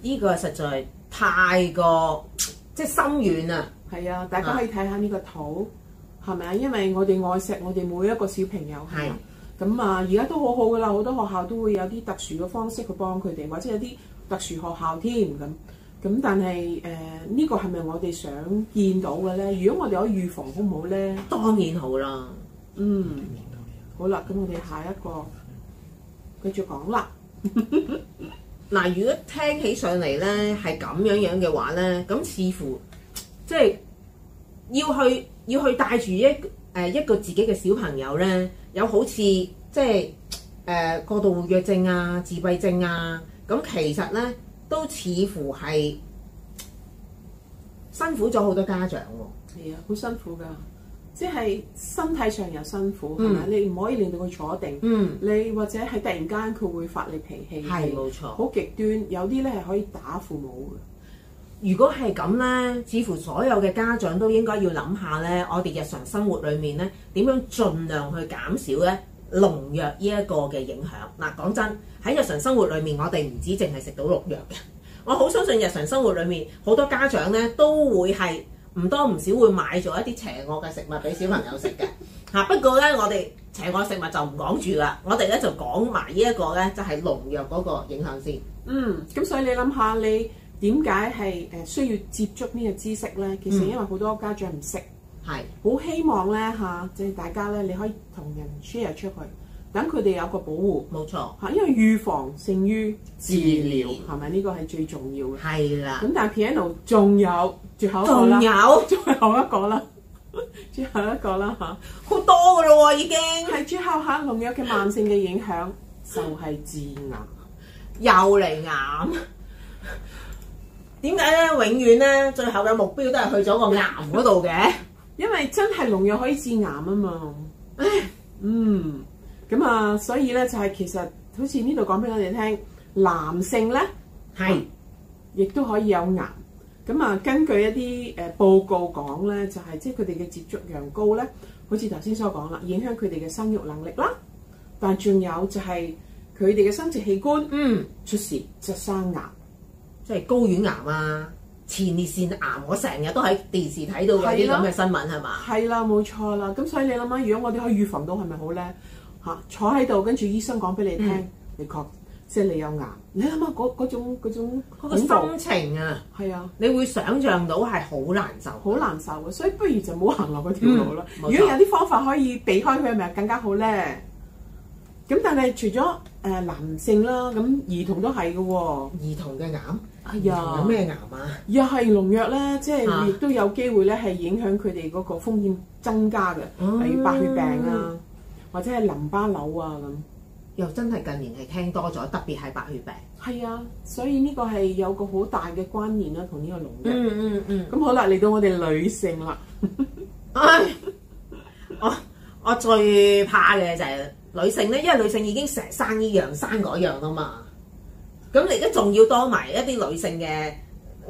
呢個實在太過即係深遠啊！係啊，大家可以睇下呢個圖。係咪啊？因為我哋愛錫我哋每一個小朋友，咁係啊，而家都好好噶啦。好多學校都會有啲特殊嘅方式去幫佢哋，或者有啲特殊學校添咁。咁但係誒，呢、呃呢個係咪我哋想見到嘅咧？如果我哋可以預防好好呢，好唔好咧？當然好啦。嗯，好啦，咁我哋下一個繼續講啦。嗱， 如果聽起上嚟咧係咁樣樣嘅話咧，咁似乎即係、即係、要去。要去帶住一誒，一個自己嘅小朋友咧，有好似即係誒、呃、過度活躍症啊、自閉症啊，咁、嗯、其實咧都似乎係辛苦咗好多家長喎。係啊，好、啊、辛苦㗎，即係身體上又辛苦，係咪？你唔可以令到佢坐定，嗯，你或者係突然間佢會發你脾氣，係冇錯，好極端。有啲咧係可以打父母㗎。如果係咁呢，似乎所有嘅家長都應該要諗下呢。我哋日常生活裏面呢，點樣盡量去減少呢，農藥呢一個嘅影響。嗱、啊，講真喺日常生活裏面，我哋唔止淨係食到農藥嘅。我好相信日常生活裏面好多家長呢都會係唔多唔少會買咗一啲邪惡嘅食物俾小朋友食嘅。嚇！ 不過呢，我哋邪惡食物就唔講住啦。我哋咧就講埋呢一個呢，就係、是、農藥嗰個影響先。嗯，咁所以你諗下你。點解係誒需要接觸呢個知識咧？其實因為好多家長唔識，係好、嗯、希望咧吓，即係大家咧，你可以同人 share 出去，等佢哋有個保護。冇錯吓，因為預防勝於治療，係咪呢個係最重要嘅？係啦的。咁但係 Piano 仲有，最後仲有，最後一個啦有，最後一個啦吓，好、啊、多噶啦、啊、已經。係最後下，咁樣嘅慢性嘅影響， 就係致癌，又嚟來癌。 點解咧？永遠咧，最後嘅目標都係去咗個癌嗰度嘅， 因為真係農藥可以致癌啊嘛。嗯，咁啊，所以咧就係、是、其實好似呢度講俾我哋聽，男性咧係亦都可以有癌。咁啊，根據一啲誒、呃、報告講咧，就係、是、即係佢哋嘅接觸量高咧，好似頭先所講啦，影響佢哋嘅生育能力啦。但仲有就係佢哋嘅生殖器官，嗯，出事就生癌。即係睾丸癌啊、前列腺癌，我成日都喺電視睇到有啲咁嘅新聞，係嘛？係啦、啊，冇錯啦。咁所以你諗下，如果我哋可以預防到是是，係咪好叻？嚇，坐喺度，跟住醫生講俾你聽，嗯、你確即係、就是、你有癌。你諗下嗰嗰種，種個心情啊，係、嗯、啊，你會想像到係好難受，好難受嘅。所以不如就冇行落嗰條路啦。嗯、如果有啲方法可以避開佢，係咪更加好咧？咁但係除咗。誒男性啦，咁兒童都係嘅喎。兒童嘅癌，哎、呀兒童有咩癌啊？又係農藥咧，即係亦都有機會咧，係影響佢哋嗰個風險增加嘅，啊、例如白血病啊，嗯、或者係淋巴瘤啊咁。又真係近年係聽多咗，特別係白血病。係啊、嗯，所以呢個係有個好大嘅關聯啦、啊，同呢個農藥。嗯嗯嗯。咁、嗯嗯、好啦，嚟到我哋女性啦。 我我最怕嘅就係、是、～女性咧，因為女性已經成日生呢樣生嗰樣啊嘛，咁你而家仲要多埋一啲女性嘅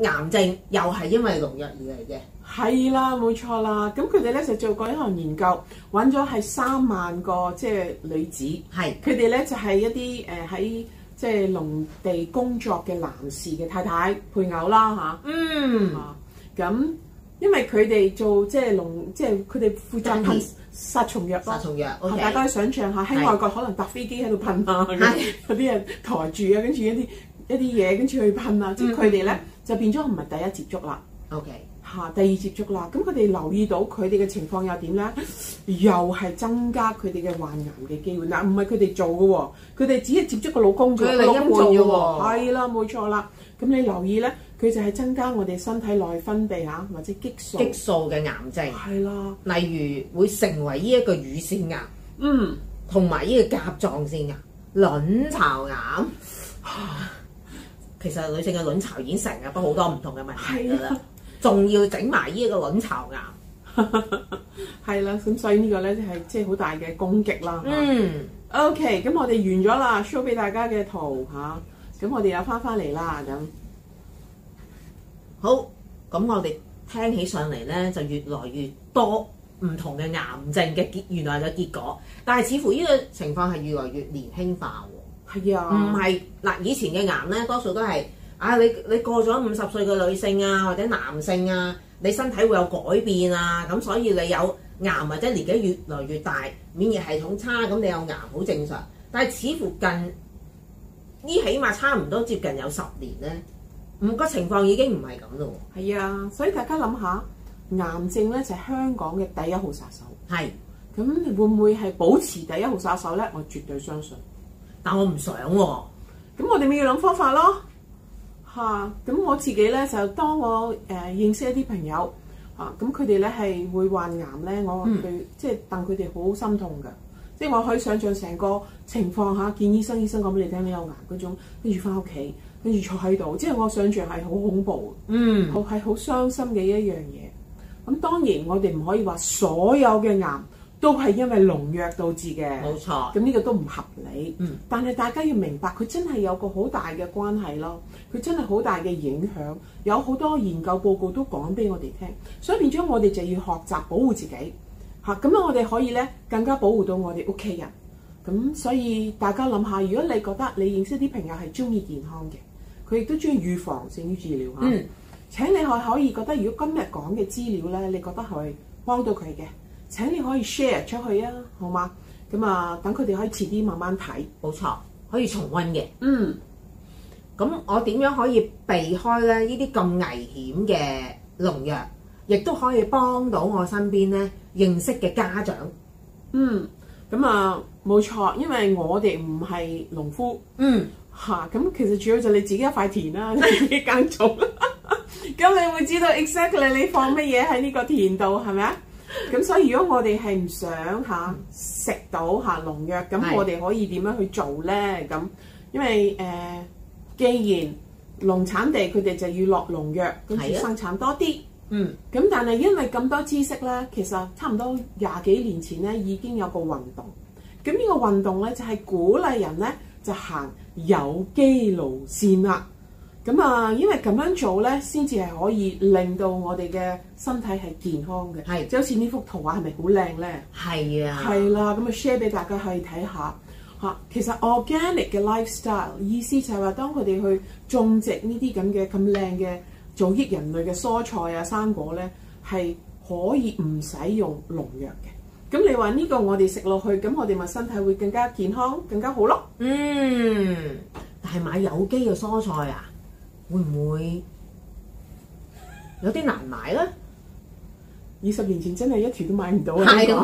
癌症，又係因為農藥而嚟嘅。係啦，冇錯啦。咁佢哋咧就做過一樣研究，揾咗係三萬個即係女子，係佢哋咧就係、是、一啲誒喺即係農地工作嘅男士嘅太太配偶啦嚇。嗯。咁因為佢哋做即係農，即係佢哋負責。農殺蟲藥咯，嚇！Okay. 大家都想像下喺外國可能搭飛機喺度噴啊，嗰啲 人抬住啊，跟住一啲一啲嘢跟住去噴啊，即係佢哋咧就變咗唔係第一接觸啦，OK，嚇第二接觸啦，咁佢哋留意到佢哋嘅情況又點咧？又係增加佢哋嘅患癌嘅機會嗱，唔係佢哋做嘅喎，佢哋只係接觸個老公嘅。佢老公做嘅喎，係啦，冇錯啦。 咁你留意咧，佢就係增加我哋身體內分泌嚇、啊，或者激素激素嘅癌症。係啦的，例如會成為呢一個乳腺癌，嗯，同埋呢個甲狀腺癌、卵巢癌。 其實女性嘅卵巢已經成日都好多唔同嘅問題噶啦，仲的要整埋呢個卵巢癌。係啦， 咁所以個呢個咧就係即係好大嘅攻擊啦。啊、嗯，OK，咁我哋完咗啦，show 俾大家嘅圖嚇。啊咁我哋又翻翻嚟啦，咁好，咁我哋聽起上嚟呢，就越來越多唔同嘅癌症嘅結，原來嘅結果，但係似乎呢個情況係越來越年輕化喎。係啊呀，唔係嗱，以前嘅癌呢，多數都係啊，你你過咗五十歲嘅女性啊或者男性啊，你身體會有改變啊，咁所以你有癌或者年紀越來越大，免疫系統差，咁你有癌好正常。但係似乎近呢起碼差唔多接近有十年咧，唔個情況已經唔係咁咯喎。係啊，所以大家諗下，癌症咧就係香港嘅第一號殺手。係，咁會唔會係保持第一號殺手咧？我絕對相信，但我唔想喎。咁我哋咪要諗方法咯。吓，咁我自己咧就當我誒認識一啲朋友嚇，咁佢哋咧係會患癌咧，我佢、嗯、即係戥佢哋好心痛噶。即係我可以想象成個情況下見醫生，醫生講俾你聽你有癌嗰種，跟住返屋企，跟住坐喺度，即係我想象係好恐怖，嗯，係好傷心嘅一樣嘢。咁、嗯、當然我哋唔可以話所有嘅癌都係因為農藥導致嘅，冇錯。咁呢個都唔合理，嗯。但係大家要明白，佢真係有個好大嘅關係咯，佢真係好大嘅影響。有好多研究報告都講俾我哋聽，所以變咗我哋就要學習保護自己。嚇，咁我哋可以咧，更加保護到我哋屋企人，咁所以大家諗下，如果你覺得你認識啲朋友係中意健康嘅，佢亦都中意預防勝於治療嚇。嗯。請你係可以覺得，如果今日講嘅資料咧，你覺得佢幫到佢嘅，請你可以 share 出去啊，好嗎？咁啊，等佢哋可以遲啲慢慢睇，冇錯，可以重溫嘅。嗯。咁我點樣可以避開咧呢啲咁危險嘅農藥？亦都可以幫到我身邊咧認識嘅家長。嗯，咁啊冇錯，因為我哋唔係農夫。嗯，嚇咁、啊、其實主要就你自己一塊田啦、啊，你 一間種啦。咁 你會知道 exactly 你放乜嘢喺呢個田度係咪啊？咁所以如果我哋係唔想嚇食、啊嗯、到嚇農藥，咁我哋可以點樣去做咧？咁因為誒、呃，既然農產地佢哋就要落農藥，咁先生產多啲。嗯，咁但係因為咁多知識咧，其實差唔多廿幾年前咧已經有個運動，咁呢個運動咧就係、是、鼓勵人咧就行有機路線啦。咁啊，因為咁樣做咧，先至係可以令到我哋嘅身體係健康嘅，即好似呢幅圖畫係咪好靚咧？係啊，係啦，咁啊 share 俾大家去睇下嚇、啊。其實 organic 嘅 lifestyle 意思就係話，當佢哋去種植呢啲咁嘅咁靚嘅。做益人類嘅蔬菜啊、生果呢係可以唔使用農藥嘅。咁你話呢個我哋食落去，咁我哋咪身體會更加健康、更加好咯。嗯，但係買有機嘅蔬菜啊，會唔會有啲難買呢？二十年前真係一條都買唔到啊！係的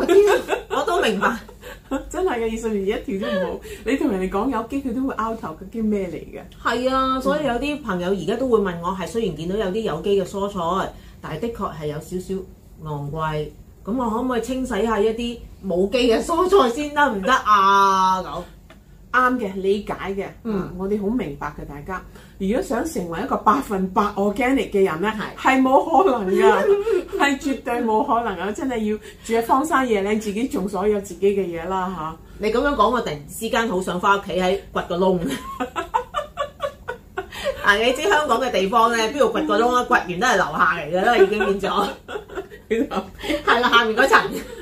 我都明白， 真係嘅，二十年前一條都唔好。 你同人哋講有機，佢都會拗頭，佢驚咩嚟嘅？係啊，所以有啲朋友而家都會問我，係雖然見到有啲有機嘅蔬菜，但係的確係有少少昂貴。咁我可唔可以清洗下一啲冇機嘅蔬菜先得唔得啊？咁啱嘅，理解嘅，嗯，我哋好明白嘅，大家。如果想成為一個百分百 organic 嘅人咧，係係冇可能噶，係絕對冇可能噶，真係要住喺荒山野嶺，自己種所有自己嘅嘢啦嚇。啊，你咁樣講，我突然之間好想翻屋企喺掘個窿。啊， 你知香港嘅地方咧，邊度掘個窿啊？掘完都係樓下嚟嘅啦，已經變咗，係 啦，下面嗰層。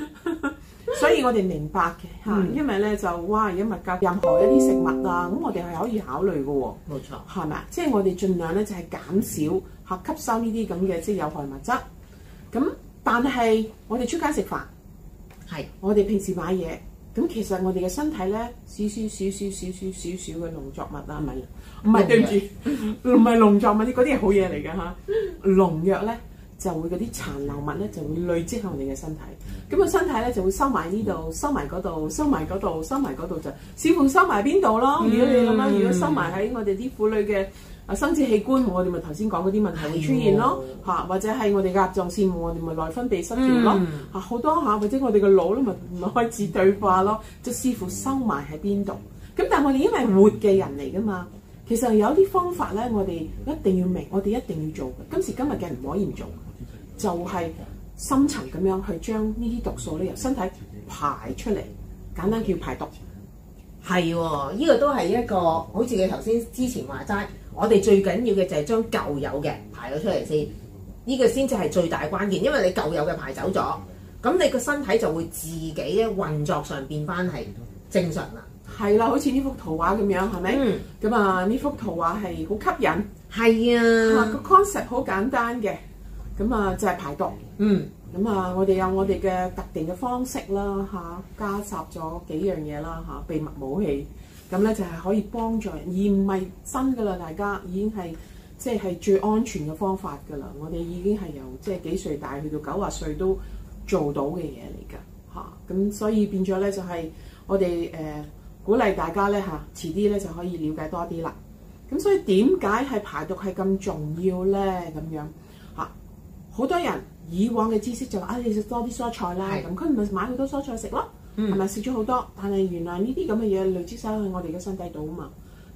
所以我哋明白嘅嚇，因為咧就哇而家物價任何一啲食物啊，咁我哋係可以考慮嘅喎。冇錯，係咪啊？即係我哋儘量咧就係減少嚇吸收呢啲咁嘅即係有害物質。咁但係我哋出街食飯，係我哋平時買嘢，咁其實我哋嘅身體咧少少少少少少少少嘅農作物啊，係咪？唔係，對唔住，唔係農作物，嗰啲係好嘢嚟嘅嚇，農藥咧。就會嗰啲殘留物咧，就會累積喺我哋嘅身體。咁個身體咧就會收埋呢度，收埋嗰度，收埋嗰度，收埋嗰度就視乎收埋邊度咯。嗯、如果你咁樣，如果收埋喺我哋啲婦女嘅啊生殖器官，我哋咪頭先講嗰啲問題會出現咯。嚇、哎呦，或者係我哋嘅甲狀腺，我哋咪內分泌失調咯。嚇、嗯，好多下，或者我哋嘅腦咧，咪唔係開始退化咯，就視乎收埋喺邊度。咁但係我哋因為活嘅人嚟㗎嘛，其實有啲方法咧，我哋一定要明，我哋一,一定要做。今時今日嘅人唔可以唔做。就係深層咁樣去將呢啲毒素咧由身體排出嚟，簡單叫排毒。係喎，呢個都係一個好似你頭先之前話齋，我哋最緊要嘅就係將舊有嘅排咗出嚟先，呢個先至係最大關鍵。因為你舊有嘅排走咗，咁你個身體就會自己咧運作上變返係正常啦。係啦，好似呢幅圖畫咁樣，係咪？嗯。咁啊，呢幅圖畫係好吸引。係啊。個 concept 好簡單嘅。咁啊，即係排毒。嗯，咁啊，我哋有我哋嘅特定嘅方式啦，嚇加插咗幾樣嘢啦，嚇秘密武器。咁咧就係可以幫助人，而唔係新噶啦。大家已經係即係係最安全嘅方法噶啦。我哋已經係由即係幾歲大去到九啊歲都做到嘅嘢嚟㗎嚇。咁所以變咗咧，就係我哋誒鼓勵大家咧嚇，遲啲咧就可以了解多啲啦。咁所以點解係排毒係咁重要咧？咁樣。好多人以往嘅知識就話啊，你食多啲蔬菜啦，咁佢咪買好多蔬菜食咯，係咪食咗好多？但係原來呢啲咁嘅嘢累積曬去我哋嘅身體度啊嘛。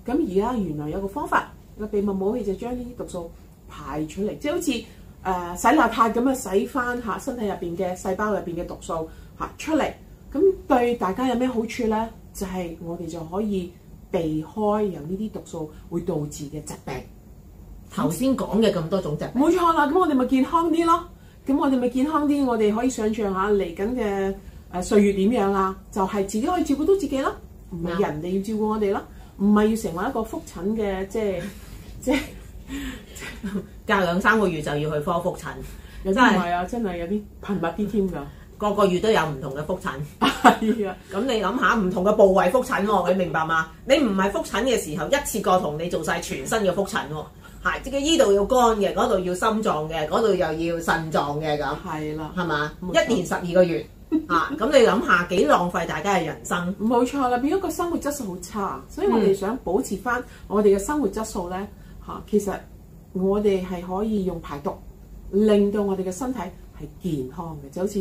咁而家原來有個方法，個秘密武器就將呢啲毒素排出嚟，即係好似誒洗邋遢咁啊，洗翻嚇身體入邊嘅細胞入邊嘅毒素嚇出嚟。咁對大家有咩好處咧？就係我哋就可以避開由呢啲毒素會導致嘅疾病。頭先講嘅咁多種質冇錯啦，咁我哋咪健康啲咯。咁我哋咪健康啲，我哋可以想象下嚟緊嘅誒歲月點樣啦。就係、是、自己可以照顧到自己咯，唔係吧人哋要照顧我哋咯，唔係要成為一個覆診嘅，即係即係隔兩三個月就要去科覆診，真係唔啊？真係有啲頻密啲添㗎，個個月都有唔同嘅覆診。係 啊，咁 你諗下唔同嘅部位覆診喎，你明白嘛？你唔係覆診嘅時候，一次過同你做晒全身嘅覆診喎。係，即係依度要肝嘅，嗰度要心臟嘅，嗰度又要腎臟嘅咁，係啦，係嘛錯？一年十二個月 啊，咁你諗下幾浪費大家嘅人生？冇錯啦，變咗個生活質素好差，所以我哋想保持翻我哋嘅生活質素咧，嚇，其實我哋係可以用排毒令到我哋嘅身體係健康嘅，就好似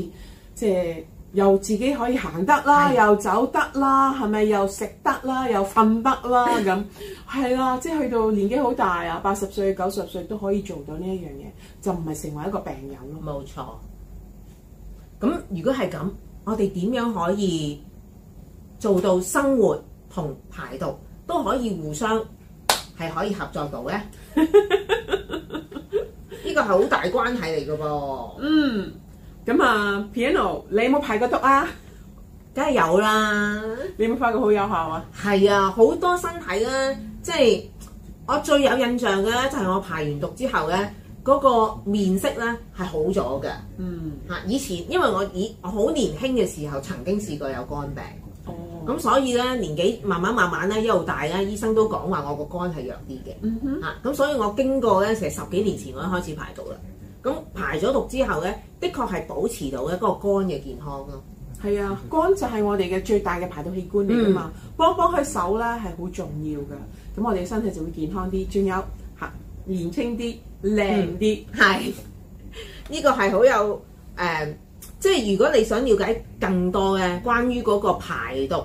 即係。又自己可以行得啦，的又走得啦，係咪又食得啦，又瞓得啦咁，係啦，即係、 就是、去到年紀好大啊，八十歲、九十歲都可以做到呢一樣嘢，就唔係成為一個病友咯。冇錯。咁如果係咁，我哋點樣可以做到生活同排毒都可以互相係可以合作到呢？呢個係好大關係嚟㗎噃。嗯。咁啊，piano，你有冇排過毒啊？梗係有啦。你有冇發覺好有效啊？係啊，好多身體啦，即係我最有印象嘅咧，就係我排完毒之後咧，嗰個面色咧係好咗嘅。嗯。嚇，以前因為我以我好年輕嘅時候曾經試過有肝病。哦。咁所以咧，年紀慢慢慢慢咧一路大咧，醫生都講話我個肝係弱啲嘅。嗯哼。嚇，咁所以我經過咧成十幾年前我都開始排毒啦。咁排咗毒之後呢，的確係保持到一個肝嘅健康咯。係啊，肝就係我哋嘅最大嘅排毒器官嚟噶嘛，嗯、幫幫佢手呢，係好重要噶。咁我哋身體就會健康啲，仲有嚇年輕啲、靚啲。係呢、嗯這個係好有誒、呃，即係如果你想了解更多嘅關於嗰個排毒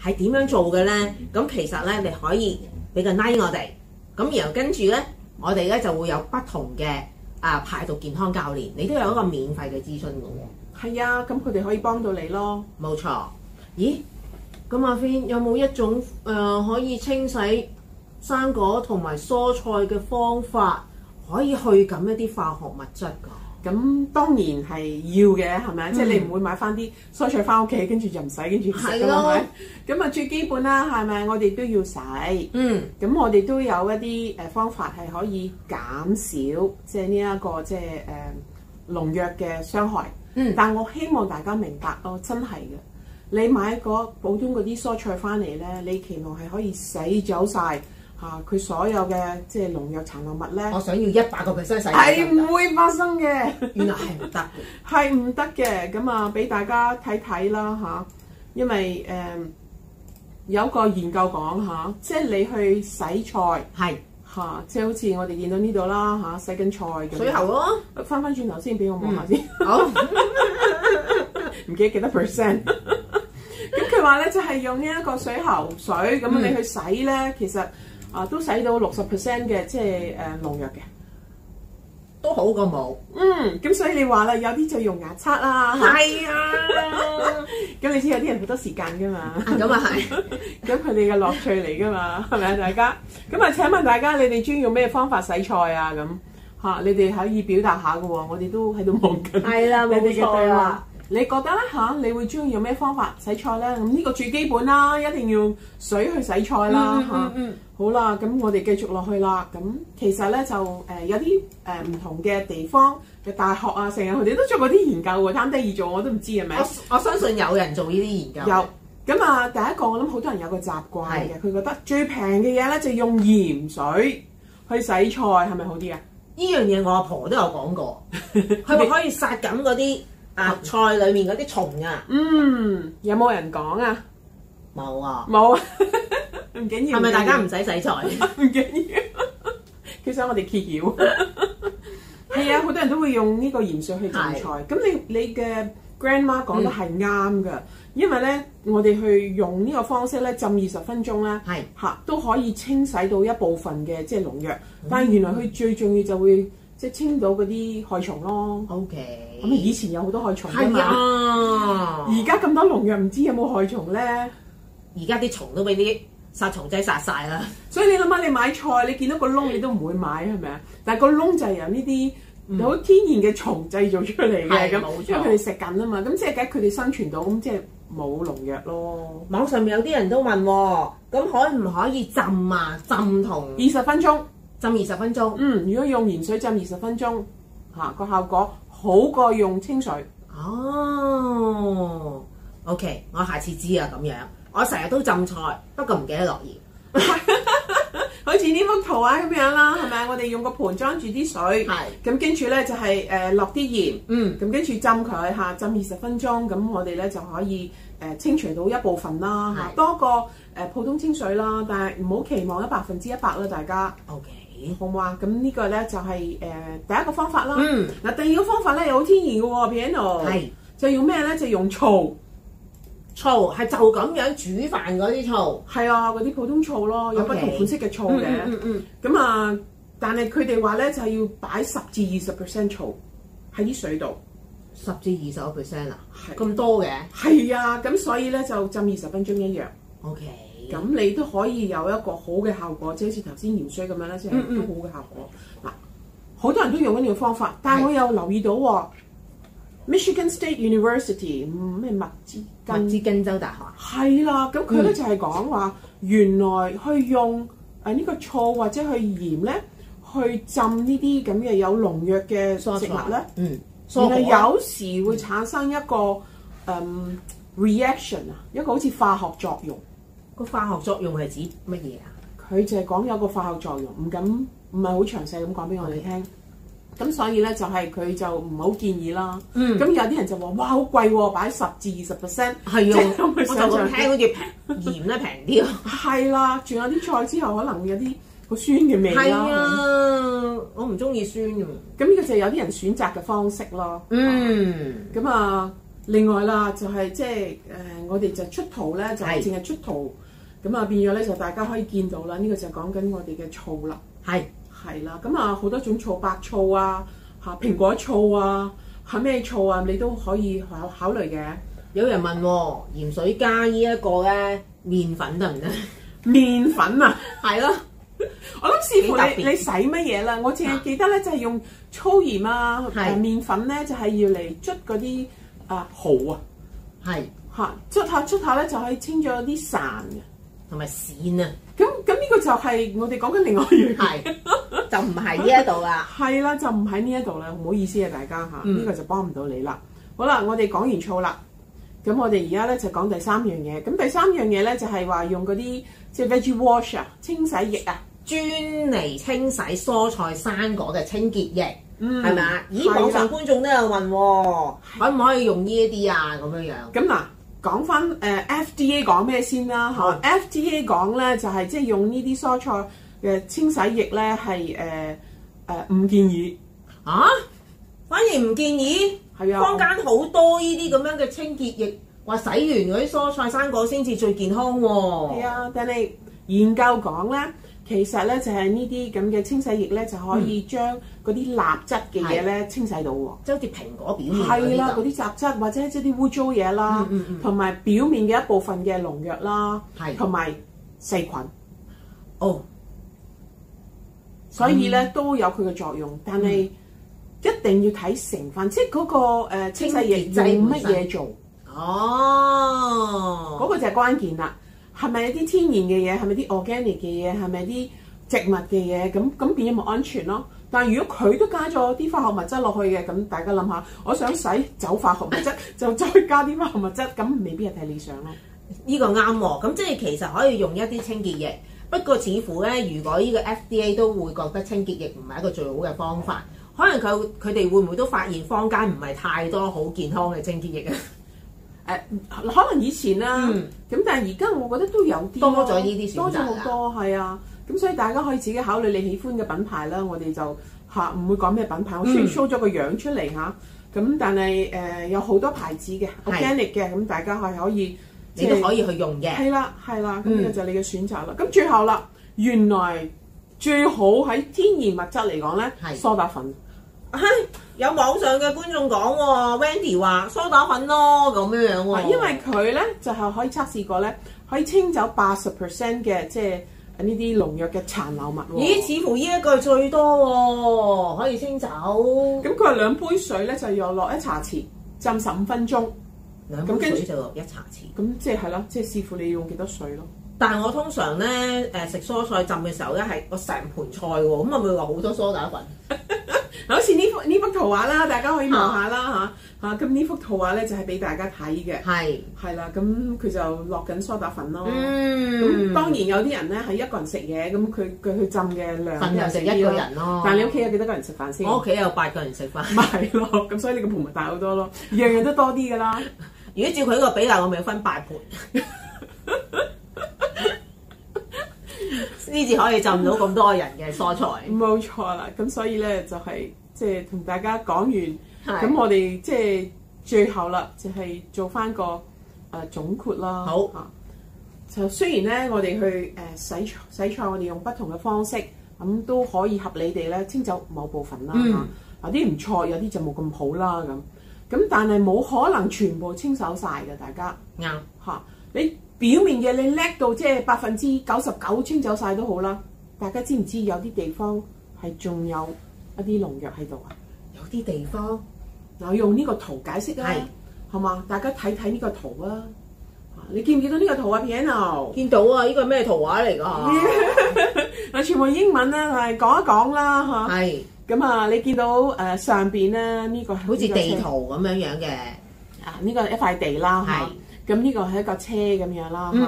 係點樣做嘅呢，咁其實呢，你可以俾個 like 我哋，咁然後跟住呢，我哋呢就會有不同嘅。啊！排毒健康教練，你都有一個免費嘅諮詢嘅喎。係啊，咁佢哋可以幫到你咯。冇錯。咦？咁阿 f 有冇一種誒、呃、可以清洗生果同埋蔬菜嘅方法，可以去緊一啲化學物質㗎？咁當然係要嘅，係咪？嗯、即係你唔會買翻啲蔬菜翻屋企，跟住就唔使，跟住食噶嘛？咁啊的，最基本啦，係咪？我哋都要洗。嗯。咁我哋都有一啲誒、呃、方法係可以減少即係呢一個即係誒、呃、農藥嘅傷害。嗯。但我希望大家明白咯，我真係嘅，你買嗰普通嗰啲蔬菜翻嚟咧，你期望係可以洗走晒。啊！佢所有嘅即係農藥殘留物咧，我想要一百個 percent，洗，係唔會發生嘅。原來係唔得，係唔得嘅。咁啊，俾大家睇睇啦吓，因為誒有個研究講吓，即係你去洗菜係吓，即係好似我哋見到呢度啦吓，洗緊菜嘅水喉咯，翻翻轉頭先俾我望下先。好，唔記得幾多 percent？咁佢話咧就係用呢一個水喉水咁你去洗咧，其實。啊，都使到六十 percent 嘅即係誒農藥嘅，都好過冇、嗯啊。嗯，咁所以你話啦，有啲就用牙刷啦，係啊，咁你知有啲人好多時間㗎嘛。咁啊係，咁佢哋嘅樂趣嚟㗎嘛，係咪啊大家？咁啊請問大家，你哋專用咩方法洗菜啊？咁吓，你哋可以表達下㗎喎，我哋都喺度望緊。係啦，嘅對話。你覺得咧嚇？你會鍾意用咩方法洗菜咧？咁呢個最基本啦，一定要水去洗菜啦嚇、嗯嗯嗯嗯。好啦，咁我哋繼續落去啦。咁其實咧就誒、呃、有啲誒唔同嘅地方嘅大學啊，成日佢哋都做過啲研究㗎。貪得意做，我都唔知係咪。我我相信有人做呢啲研究。有咁啊，第一個我諗好多人有個習慣嘅，佢是覺得最平嘅嘢咧就用鹽水去洗菜，係咪好啲啊？呢樣嘢我阿婆都有講過，佢咪 可以殺緊嗰啲？白、啊、菜裏面嗰啲蟲啊，嗯，有冇人講啊？冇啊，冇有，唔 緊要。係咪大家唔使洗菜？唔 緊要， 其實我哋揭曉。係啊，好多人都會用呢個鹽水去浸菜。咁是你你嘅 grandma 講得係啱㗎，嗯、因為咧我哋去用呢個方式咧浸二十分鐘咧，係嚇是都可以清洗到一部分嘅即係農藥。但係原來佢最重要就會。即係清到嗰啲害蟲咯。OK，咁以前有好多害蟲㗎嘛。而家咁多農藥，唔知有冇害蟲咧？而家啲蟲都俾啲殺蟲劑殺晒啦。所以你諗下，你買菜，你見到個窿，你都唔會買，係咪啊？但係個窿就係由呢啲好天然嘅蟲、嗯、製造出嚟嘅，咁因為佢哋食緊啊嘛。咁即係梗佢哋生存到，咁即係冇農藥咯。網上面有啲人都問喎，咁可唔可以浸啊？浸同二十分鐘。浸二十分鐘。嗯，如果用鹽水浸二十分鐘，吓、啊、個效果好過用清水。哦，OK，我下次知啊，咁樣。我成日都浸菜，不過唔記得落鹽。 好似呢幅圖啊咁樣啦，係咪是我哋用個盆裝住啲水，係咁跟住咧就係誒落啲鹽，嗯，咁跟住浸佢吓，浸二十分鐘，咁我哋咧就可以誒清除到一部分啦，是多過誒普通清水啦，但係唔好期望一百分之一百啦，大家。OK。好唔好啊？咁呢個咧就係、是、誒、呃、第一個方法啦。嗯。嗱、啊，第二個方法咧又好天然嘅喎，Piano。係是。就用咩咧？就用醋。醋係就咁樣煮飯嗰啲醋。係啊，嗰啲普通醋咯，Okay. 有不同款式嘅醋嘅、嗯。嗯嗯咁、嗯、啊，但係佢哋話咧就係要擺十至二十 percent 醋喺啲水度。十至二十個 percent 啊？係。咁多嘅？係啊。咁、啊、所以咧就浸二十分鐘一樣。O K。咁、嗯、你都可以有一個好嘅效果，即係好似頭先鹽水咁樣咧，即係都好嘅效果。嗱、嗯嗯，好多人都用呢個方法，但係是我又留意到喎，Michigan State University 咩密芝密芝根州大學係啦。咁佢咧就係講話原來去用誒呢、呃這個醋或者去鹽咧，去浸呢啲咁嘅有農藥嘅食物咧，嗯，而係有時會產生一個誒、嗯、reaction 啊、嗯，一個好似化學作用。個化學作用係指乜嘢啊？佢就係講有個化學作用，唔敢唔係好詳細咁講俾我哋聽。咁所以咧就係佢就唔好建議啦。嗯。咁有啲人就話：哇，好貴喎，擺十至二十 percent。係啊，我就聽好似平鹽咧平啲咯。係啦，轉咗啲菜之後，可能會有啲個酸嘅味咯。係啊，我唔中意酸嘅。咁呢個就係有啲人選擇嘅方式咯。嗯。咁啊，另外啦，就係即係誒，我哋就出圖咧，就淨係出圖。咁啊，變咗咧就大家可以見到啦，呢、這個就講緊我哋嘅醋啦，係係啦，咁啊好多種醋，白醋啊，嚇、啊、蘋果醋啊，係咩醋啊，你都可以考考慮嘅。有人問、哦、鹽水加呢一個咧，麵粉得唔得？麵粉啊，係咯、 啊， 我諗似乎你你洗乜嘢啦？我淨係記得咧，就係用粗鹽啊，誒，麵粉咧就係要嚟捽嗰啲啊蠔啊，係嚇捽下捽下咧就可以清咗啲散嘅。係咪線啊？咁咁呢個就係我哋講緊另外一樣，就唔係呢一度啦。係啦， 就唔喺呢一度啦，唔好意思啊，大家吓。呢、嗯、個就幫唔到你啦。好啦，我哋講完醋啦，咁我哋而家咧就講第三樣嘢。咁第三樣嘢咧就係、是、話用嗰啲即係 vegetable wash 啊，清洗液啊，專嚟清洗蔬菜生果嘅清潔液，係咪啊？咦，網上觀眾都有問喎，的可唔可以用呢一啲啊？咁樣樣。咁嗱、嗯。嗯。講翻誒、呃、FDA 講咩先啦嚇，FDA 講咧就係即係用呢啲蔬菜嘅清洗液咧係誒誒唔建議啊，反而唔建議。係啊，坊間好多呢啲咁樣嘅清潔液，話洗完嗰啲蔬菜生果先至最健康喎、啊。係啊，但係研究講咧。其實咧就係呢啲咁嘅清洗液咧，就可以將嗰啲蠟質嘅嘢咧清洗到喎，即係好似蘋果表面嗰係啦，嗰啲雜質或者即係啲污糟嘢啦，同埋、嗯嗯嗯、表面嘅一部分嘅農藥啦，同埋的細菌。哦，所以咧、嗯、都有佢嘅作用，但係一定要睇成分，嗯、即係嗰個清洗液就用乜嘢做？潔哦，嗰個就係關鍵啦。係咪有啲天然嘅嘢？係咪啲 organic 嘅嘢？係咪啲植物嘅嘢？咁咁變咗咪安全咯。但係如果佢都加咗啲化學物質落去嘅，咁大家諗下，我想洗走化學物質，就再加啲化學物質，咁未必係太理想咯。呢個啱喎。啊，咁即係其實可以用一啲清潔液，不過似乎咧，如果呢個 FDA 都會覺得清潔液唔係一個最好嘅方法，可能佢佢哋會唔會都發現坊間唔係太多好健康嘅清潔液啊？誒、呃，可能以前啦、啊，咁、嗯、但係而家我覺得都有啲多咗呢啲選擇，多咗好多，係啊，咁所以大家可以自己考慮你喜歡嘅品牌啦。我哋就吓，唔、啊、會講咩品牌，我雖然 show 咗個樣出嚟吓。咁、嗯、但係誒、呃、有好多牌子嘅，organic 嘅，咁是大家係可以，自己可以去用嘅，係啦、啊，係啦、啊，咁呢、啊、就就你嘅選擇啦。咁、嗯嗯、最後啦，原來最好喺天然物質嚟講咧，梳打粉。有網上嘅觀眾講喎、哦、Wendy 話蘇打粉咯講咩？因為佢咧就係可以測試過咧，可以清走八十 percent 嘅即係呢啲農藥嘅殘留物、哦、咦？似乎呢一個最多喎、哦，可以清走。咁佢係兩杯水咧，就用落一茶匙，浸十五分鐘。咁杯跟住就落一茶匙。咁即係係咯，即係視乎你要用幾多水咯。但係我通常咧，誒、呃、食蔬菜浸嘅時候咧，係我成盤菜喎、哦，咁咪會落好多梳打粉。好似呢幅呢幅圖畫啦，大家可以望下啦吓，嚇、啊。咁呢、啊、幅圖畫咧就係、是、俾大家睇嘅，係係是啦。咁佢就落緊梳打粉咯。嗯，咁、嗯、當然有啲人咧係一個人食嘢，咁佢佢去浸嘅量份又食一個人咯，但係你屋企有幾多個人食飯先？我屋企有八個人食飯。係咯，咁所以你個盤咪大好多咯，樣樣都多啲噶啦。 如果照佢個比例，我咪要分八盤。 呢 至可以浸唔到咁多人嘅蔬菜，冇錯啦。咁所以咧，就係、是就是、即係同大家講完，咁是我哋即係最後啦，就係、是、做翻個誒、呃、總括啦。好啊，就雖然咧，我哋去誒、呃、洗洗菜，我哋用不同嘅方式，咁、嗯、都可以合理地咧清走某部分啦。吓、嗯啊，有啲唔錯，有啲就冇咁好啦。咁、啊、咁、啊，但係冇可能全部清走晒嘅，大家啱吓你。嗯啊 表面嘅你叻到即係百分之九十九清走晒都好啦，大家知唔知有啲地方係仲有一啲農藥喺度啊？有啲地方嗱，用呢個圖解釋啦、啊，係嘛是？大家睇睇呢個圖啊，你見唔見到呢個圖啊？Piano，見到啊！呢個係咩圖畫嚟㗎、啊？係 全部英文啦、啊，係講一講啦嚇。係是。咁啊，你見到誒、呃、上邊咧呢、這個？好似像 地圖咁樣樣嘅。啊，呢、這個係一塊地啦、啊。係是。咁呢個係一個車咁樣啦，嚇！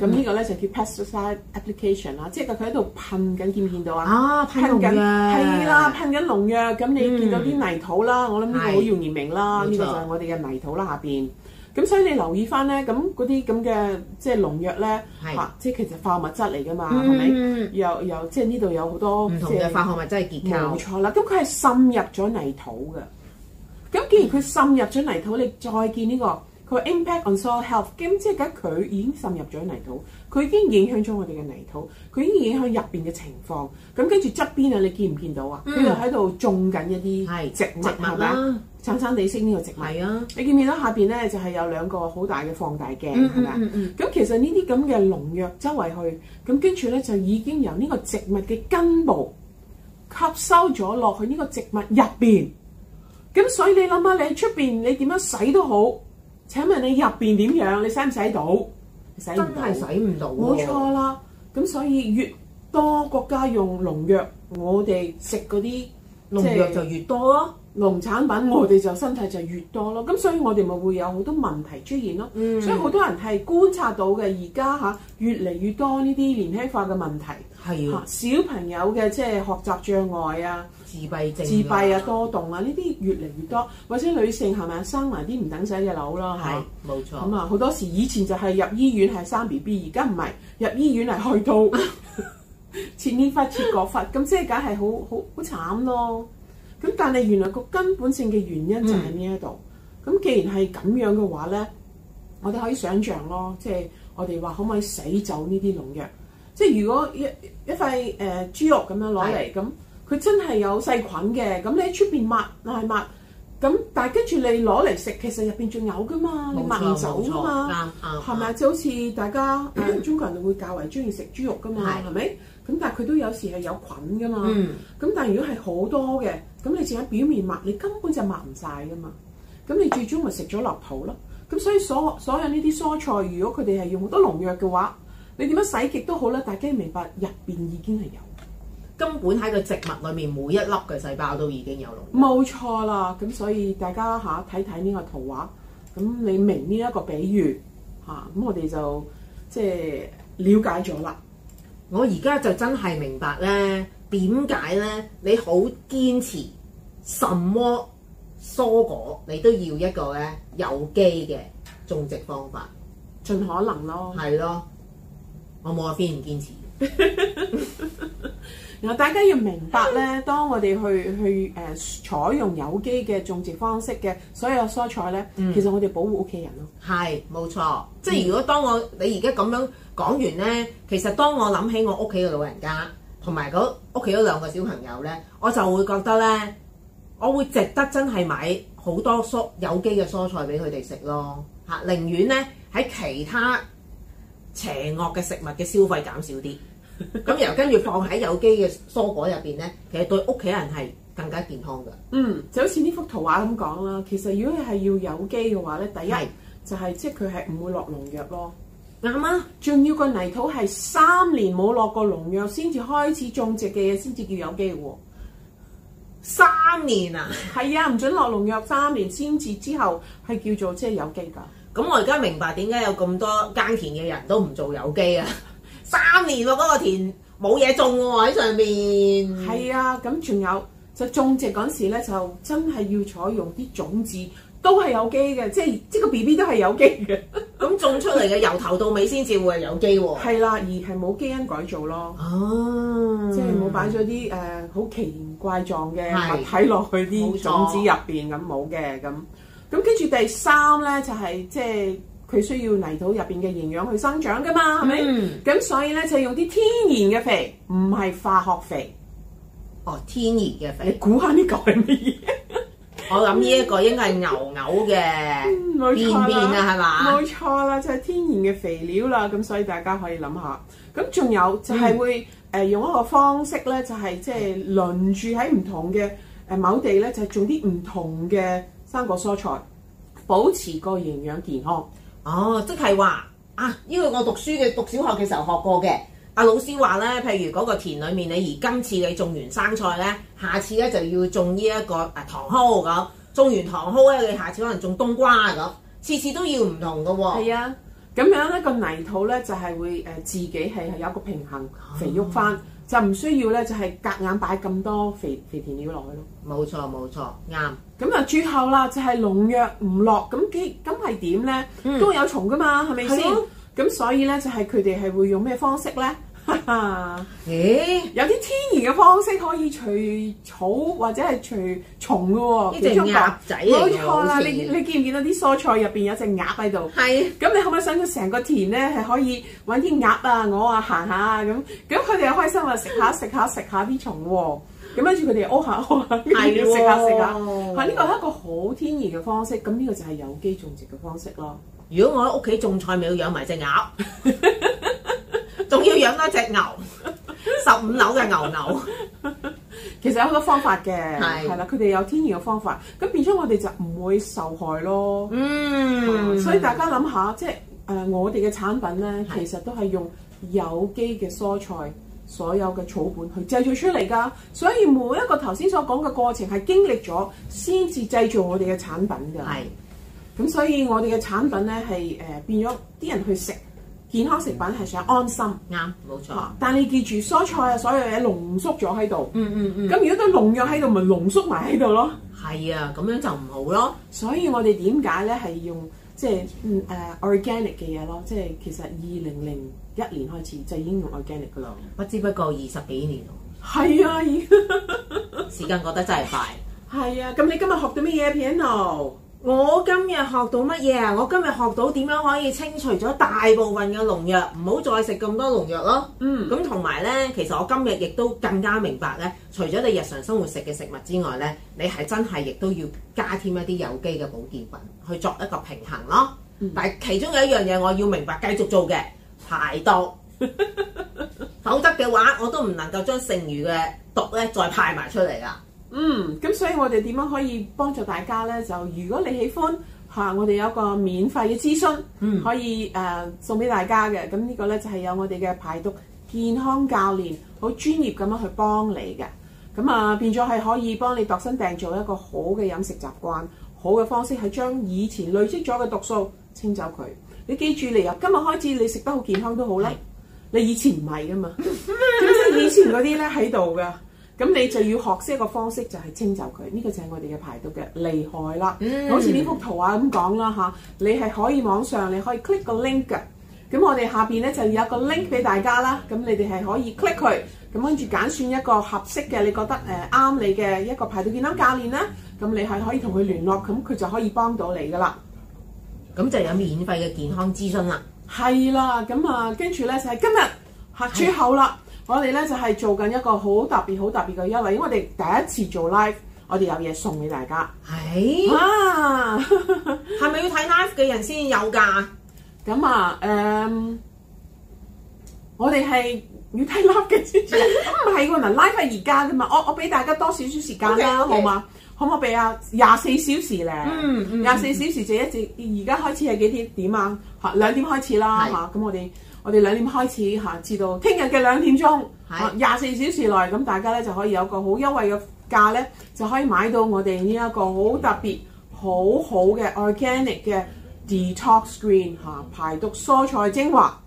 咁呢個咧就叫 pesticide application 啦，即係佢喺度噴緊，見唔見到啊？啊，噴緊，係啊，噴緊農藥。咁你見到啲泥土啦，我諗呢個好容易明啦。呢個就係我哋嘅泥土啦，下邊。咁所以你留意翻咧，咁嗰啲咁嘅即係農藥咧，嚇，即係其實化學物質嚟㗎嘛，係咪？又有，即係呢度有好多唔同嘅化學物質係結構。冇錯啦，咁佢係滲入咗泥土嘅。咁既然佢滲入咗泥土，你再見呢個。佢 impact on soil health，咁即係而家佢已經滲入咗泥土，佢已經影響咗我哋嘅泥土，佢已經影響入邊嘅情況。咁跟住側邊啊，你見唔見到啊？佢喺度種緊一啲植物係咪，生生地色呢個植物係啊。你見唔見到下邊咧？就係、是、有兩個好大嘅放大鏡係咪？咁其實這這呢啲咁嘅農藥周圍去，咁跟住咧，就已經由呢個植物嘅根部吸收咗落去呢個植物入邊。咁所以你諗下，你喺出邊你點樣洗都好。請問你入邊點樣？你使唔使到？真係使唔到。冇錯啦，咁所以越多國家用農藥，我哋食嗰啲農藥就越多咯。就係農產品我哋就身體就越多咯，咁所以我哋咪會有好多問題出現咯。嗯、所以好多人係觀察到嘅，而家吓，越嚟越多呢啲年輕化嘅問題。係的、啊，小朋友嘅即係學習障礙啊，自閉症、自閉啊、多動啊呢啲越嚟越多。或者女性係咪生埋啲唔等死嘅瘤啦嚇。冇是、啊、錯。咁啊、嗯，好多時以前就係入醫院係生 B B，而家唔係入醫院係去到，切耳髮、切角髮，咁即係梗係好好好慘咯。咁但係原來個根本性嘅原因就喺呢一度。咁、嗯、既然係咁樣嘅話咧，我哋可以想象咯，即係我哋話可唔可以洗走呢啲農藥？即係如果一一塊誒、呃、豬肉咁樣攞嚟，咁佢對 真係有細菌嘅。咁你喺出邊抹係抹，咁但係跟住你攞嚟食，其實入邊仲有噶嘛？你抹唔走啊嘛？係咪？就係、好似大家誒、呃、中國人會較為中意食豬肉噶嘛？係咪對 是？咁但係佢都有時係有菌噶嘛，咁、嗯、但係如果係好多嘅，咁你淨喺表面抹，你根本就抹唔晒噶嘛。咁你最終咪食咗落肚咯。咁所以所所有呢啲蔬菜，如果佢哋係用好多農藥嘅話，你點樣洗極都好啦，大家明白入邊已經係有，根本喺個植物裡面每一粒嘅細胞都已經有農藥。冇錯啦，咁所以大家嚇睇睇呢個圖畫，咁你明呢一個比喻嚇，咁我哋就即係了解咗啦。我而家就真係明白咧，點解咧？你好堅持什麼蔬果，你都要一個咧有機嘅種植方法，盡可能咯。係咯，我冇話堅唔堅持。 然後大家要明白咧，當我哋去去誒採用有機嘅種植方式嘅所有蔬菜咧，嗯、其實我哋保護屋企人咯。係冇錯，嗯、即係如果當我你而家咁樣講完咧，其實當我諗起我屋企嘅老人家同埋屋企嗰兩個小朋友咧，我就會覺得咧，我會值得真係買好多蔬有機嘅蔬菜俾佢哋食咯。嚇，寧願咧喺其他邪惡嘅食物嘅消費減少啲。咁 然後跟住放喺有機嘅蔬果入邊咧，其實對屋企人係更加健康噶嗯，就好似呢幅圖畫咁講啦。其實如果係要有機嘅話咧，第一是就係、是、即係佢係唔會落農藥咯。啱啊、嗯，仲要個泥土係三年冇落過農藥先至開始種植嘅嘢，先至叫有機喎、啊。三年啊，係 啊，唔准落農藥三年先至之後係叫做即係有機噶。咁、嗯、我而家明白點解有咁多耕田嘅人都唔做有機啊？三年喎，嗰、嗰個田冇嘢種喎喺上面。係啊，咁仲有就種植嗰陣時咧，就真係要採用啲種子都係有機嘅，即係即個 BB 都係有機嘅。咁種出嚟嘅 由頭到尾先至會係有機喎。係啦、啊，而係冇基因改造咯。哦、啊，即係冇擺咗啲誒好奇形怪狀嘅物體落去啲種子入邊咁冇嘅咁。咁跟住第三咧就係、係、即係。佢需要泥土入邊嘅營養去生長噶嘛？係咪？咁所以咧就係、是、用啲天然嘅肥，唔係化學肥。哦，天然嘅肥，你估下呢個係乜嘢？我諗呢一個應該係牛牛嘅便便啊，係嘛？冇錯啦，就係、是、天然嘅肥料啦。咁所以大家可以諗下，咁仲有就係會誒、嗯呃、用一個方式咧，就係即係輪住喺唔同嘅誒某地咧，就係、是、種啲唔同嘅生果蔬菜，保持個營養健康。哦，即係話啊，呢、這個我讀書嘅讀小學嘅時候學過嘅，阿老師話呢，譬如嗰個田裏面你而今次你種完生菜呢，下次呢就要種呢、這、一個誒、啊、糖蒿咁、啊，種完糖蒿呢，你下次可能種冬瓜咁，次、啊、次都要唔同㗎喎、哦。係啊，咁樣呢個泥土呢，就係、是、會誒、呃、自己係有一個平衡肥沃返。哦就唔需要咧，就係、是、隔硬擺咁多肥肥田料落去咯。冇錯冇錯，啱。咁啊、嗯嗯、最後啦、啊嗯，就係農藥唔落，咁幾咁係點咧？都有蟲噶嘛，係咪先？咁所以咧，就係佢哋係會用咩方式咧？啊！咦，有啲天然嘅方式可以除草或者係除蟲嘅喎。呢 隻鴨仔嚟嘅，冇錯啦。你你見唔見到啲蔬菜入邊有隻鴨喺度？係。咁你可唔可以想佢成個田咧，係可以搵啲鴨啊鵝啊行下啊咁？咁佢哋又開心啦，食下食下食下啲蟲喎。咁跟住佢哋又屙下屙下，跟住食下食下。係，呢個係一個好天然嘅方式。咁呢個就係有機種植嘅方式咯。如果我喺屋企種菜，咪要養埋隻鴨。 養多隻牛，十五樓嘅牛牛，其實有好多方法嘅，係啦是，佢哋有天然嘅方法，咁變咗我哋就唔會受害咯。嗯、啊，所以大家諗下，即係誒我哋嘅產品咧，其實都係用有機嘅蔬菜，是所有嘅草本去製造出嚟噶。所以每一個頭先所講嘅過程係經歷咗，先至製造我哋嘅產品㗎。係是，咁所以我哋嘅產品咧係誒變咗啲人去食。健康食品係想安心，啱，冇錯、啊。但你記住，蔬菜、嗯嗯嗯、啊，所有嘢濃縮咗喺度。嗯嗯嗯。咁如果佢農藥喺度，咪濃縮埋喺度咯。係啊，咁樣就唔好咯。所以我哋點解咧係用即係誒、嗯 uh, organic 嘅嘢咯？即係其實二零零一年開始就已經用 organic 噶啦。不知不覺二十幾年。係 是啊， 時間過得真係快。係啊，咁你今日學到咩嘢 piano 啊？我今日學到乜嘢啊？我今日學到點樣可以清除咗大部分嘅農藥，唔好再食咁多農藥咯。嗯。咁同埋咧，其實我今日亦都更加明白咧，除咗你日常生活食嘅食物之外咧，你係真係亦都要加添一啲有機嘅保健品去作一個平衡咯。嗯、但係其中有一樣嘢我要明白，繼續做嘅排毒， 否則嘅話我都唔能夠將剩餘嘅毒咧再派埋出嚟啦。嗯，咁所以我哋點樣可以幫助大家呢？就如果你喜歡吓，我哋有一個免費嘅諮詢，可以誒、嗯呃、送俾大家嘅。咁呢個呢，就係、是、有我哋嘅排毒健康教練，好專業咁樣去幫你嘅。咁啊、呃、變咗係可以幫你度身訂做一個好嘅飲食習慣，好嘅方式係將以前累積咗嘅毒素清走佢。你記住，你由今日開始你食得好健康都好啦，你以前唔係噶嘛，點解 以前嗰啲呢，喺度嘅？咁你就要學識一個方式，就係、是、清走佢。呢、這個就係我哋嘅排毒嘅厲害啦。好似呢幅圖啊咁講啦嚇，你係可以網上你可以 click link，個 link 嘅。咁我哋下邊咧就有個 link 俾大家啦。咁你哋係可以 click 佢，咁跟住揀選一個合適嘅，你覺得誒啱、呃、你嘅一個排毒健康教練啦。咁你係可以同佢聯絡，咁佢就可以幫到你噶啦。咁、嗯、就有免費嘅健康諮詢啦。係啦，咁啊跟住咧就係、是、今日客珠口啦。我哋咧就係、是、做緊一個好特別、好特別嘅優惠，因為我哋第一次做 live，我哋有嘢送俾大家。係是啊，係 咪要睇 live 嘅人先有㗎？咁啊、嗯，誒、嗯，我哋係要睇 live 嘅先唔係喎，嗱，live 係而家㗎嘛，我我俾大家多少少時間啦，好嘛？可唔可以俾啊？廿四小時咧、嗯，嗯嗯，廿四小時就一直，而家開始係幾點點啊？嚇，兩點開始啦，嚇是，咁我哋。我哋兩點開始吓，至到聽日嘅兩點鐘，廿四小時內，咁大家咧就可以有個好優惠嘅價咧，就可以買到我哋呢一個好特別好好嘅 organic 嘅 detox green 吓，screen，排毒蔬菜精華。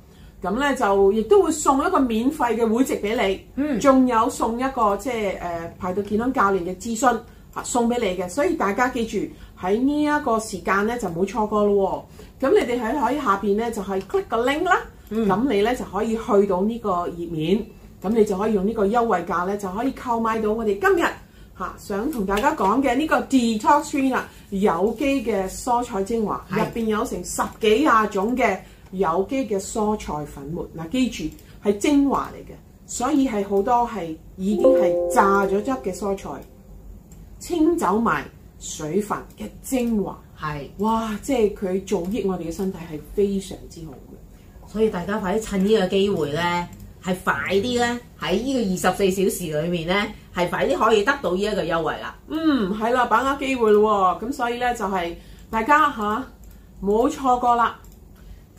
咁咧就亦都會送一個免費嘅會籍俾你，嗯，仲有送一個即係誒排毒健康教練嘅諮詢吓送俾你嘅，所以大家記住喺呢一個時間咧就唔好錯過咯喎。咁你哋喺喺下邊咧就係 click 個 link 啦。咁、嗯、你咧就可以去到呢個頁面，咁你就可以用呢個優惠價咧就可以購買到我哋今日嚇、啊、想同大家講嘅呢個 Detox Green 啦，有機嘅蔬菜精華，入邊是有成十幾廿種嘅有機嘅蔬菜粉末。嗱、啊，記住係精華嚟嘅，所以係好多係已經係榨咗汁嘅蔬菜，清走埋水分嘅精華。係是，哇！即係佢造益我哋嘅身體係非常之好。所以大家快啲趁呢個機會咧，係快啲咧喺呢個二十四小時裏面咧，係快啲可以得到呢一個優惠啦。嗯，係啦，把握機會咯喎，咁所以咧就係大家吓，唔好錯過啦。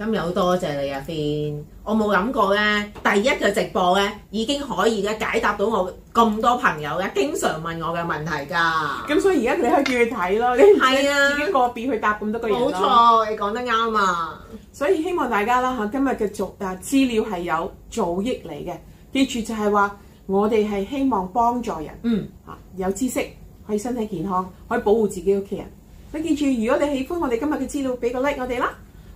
今日好多謝你啊，Bian！我冇諗過咧，第一個直播咧，已經可以咧解答到我咁多朋友咧，經常問我嘅問題㗎。咁、嗯、所以而家你可以叫佢睇咯，啊、你自己個別去答咁多個人咯。冇錯，你講得啱啊！所以希望大家啦，嚇今日嘅做啊資料係有造益嚟嘅。記住就係話，我哋係希望幫助人，嗯嚇、啊，有知識可以身體健康，可以保護自己屋企人。你記住，如果你喜歡我哋今日嘅資料，俾個 like 我哋啦。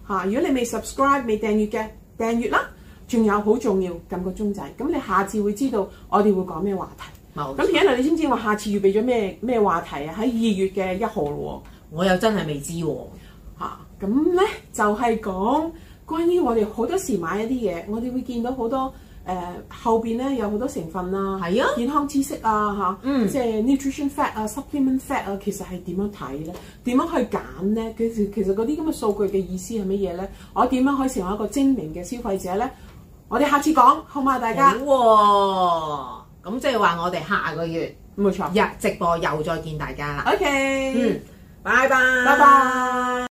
嚇！如果你未 subscribe 未訂閲嘅，訂閲啦。仲有好重要，撳個鐘仔。咁你下次會知道我哋會講咩話題。冇。咁而家你知唔知我下次預備咗咩咩話題啊？喺二月嘅一號咯喎、哦。我又真係未知喎、哦。咁咧、啊、就係、是、講關於我哋好多時買一啲嘢，我哋會見到好多。誒、呃、後邊咧有好多成分啦、啊，啊、健康知識啊嚇，啊嗯、即係 nutrition fact 啊、supplement fact 啊，其實係點樣睇咧？點樣去揀咧？佢其實嗰啲咁嘅數據嘅意思係乜嘢咧？我點樣可以成為一個精明嘅消費者咧？我哋下次講好唔好嗎，大家？好喎、哦，咁即係話我哋下個月，冇錯，日直播又再見大家啦。錯家 OK，嗯，拜拜，拜拜。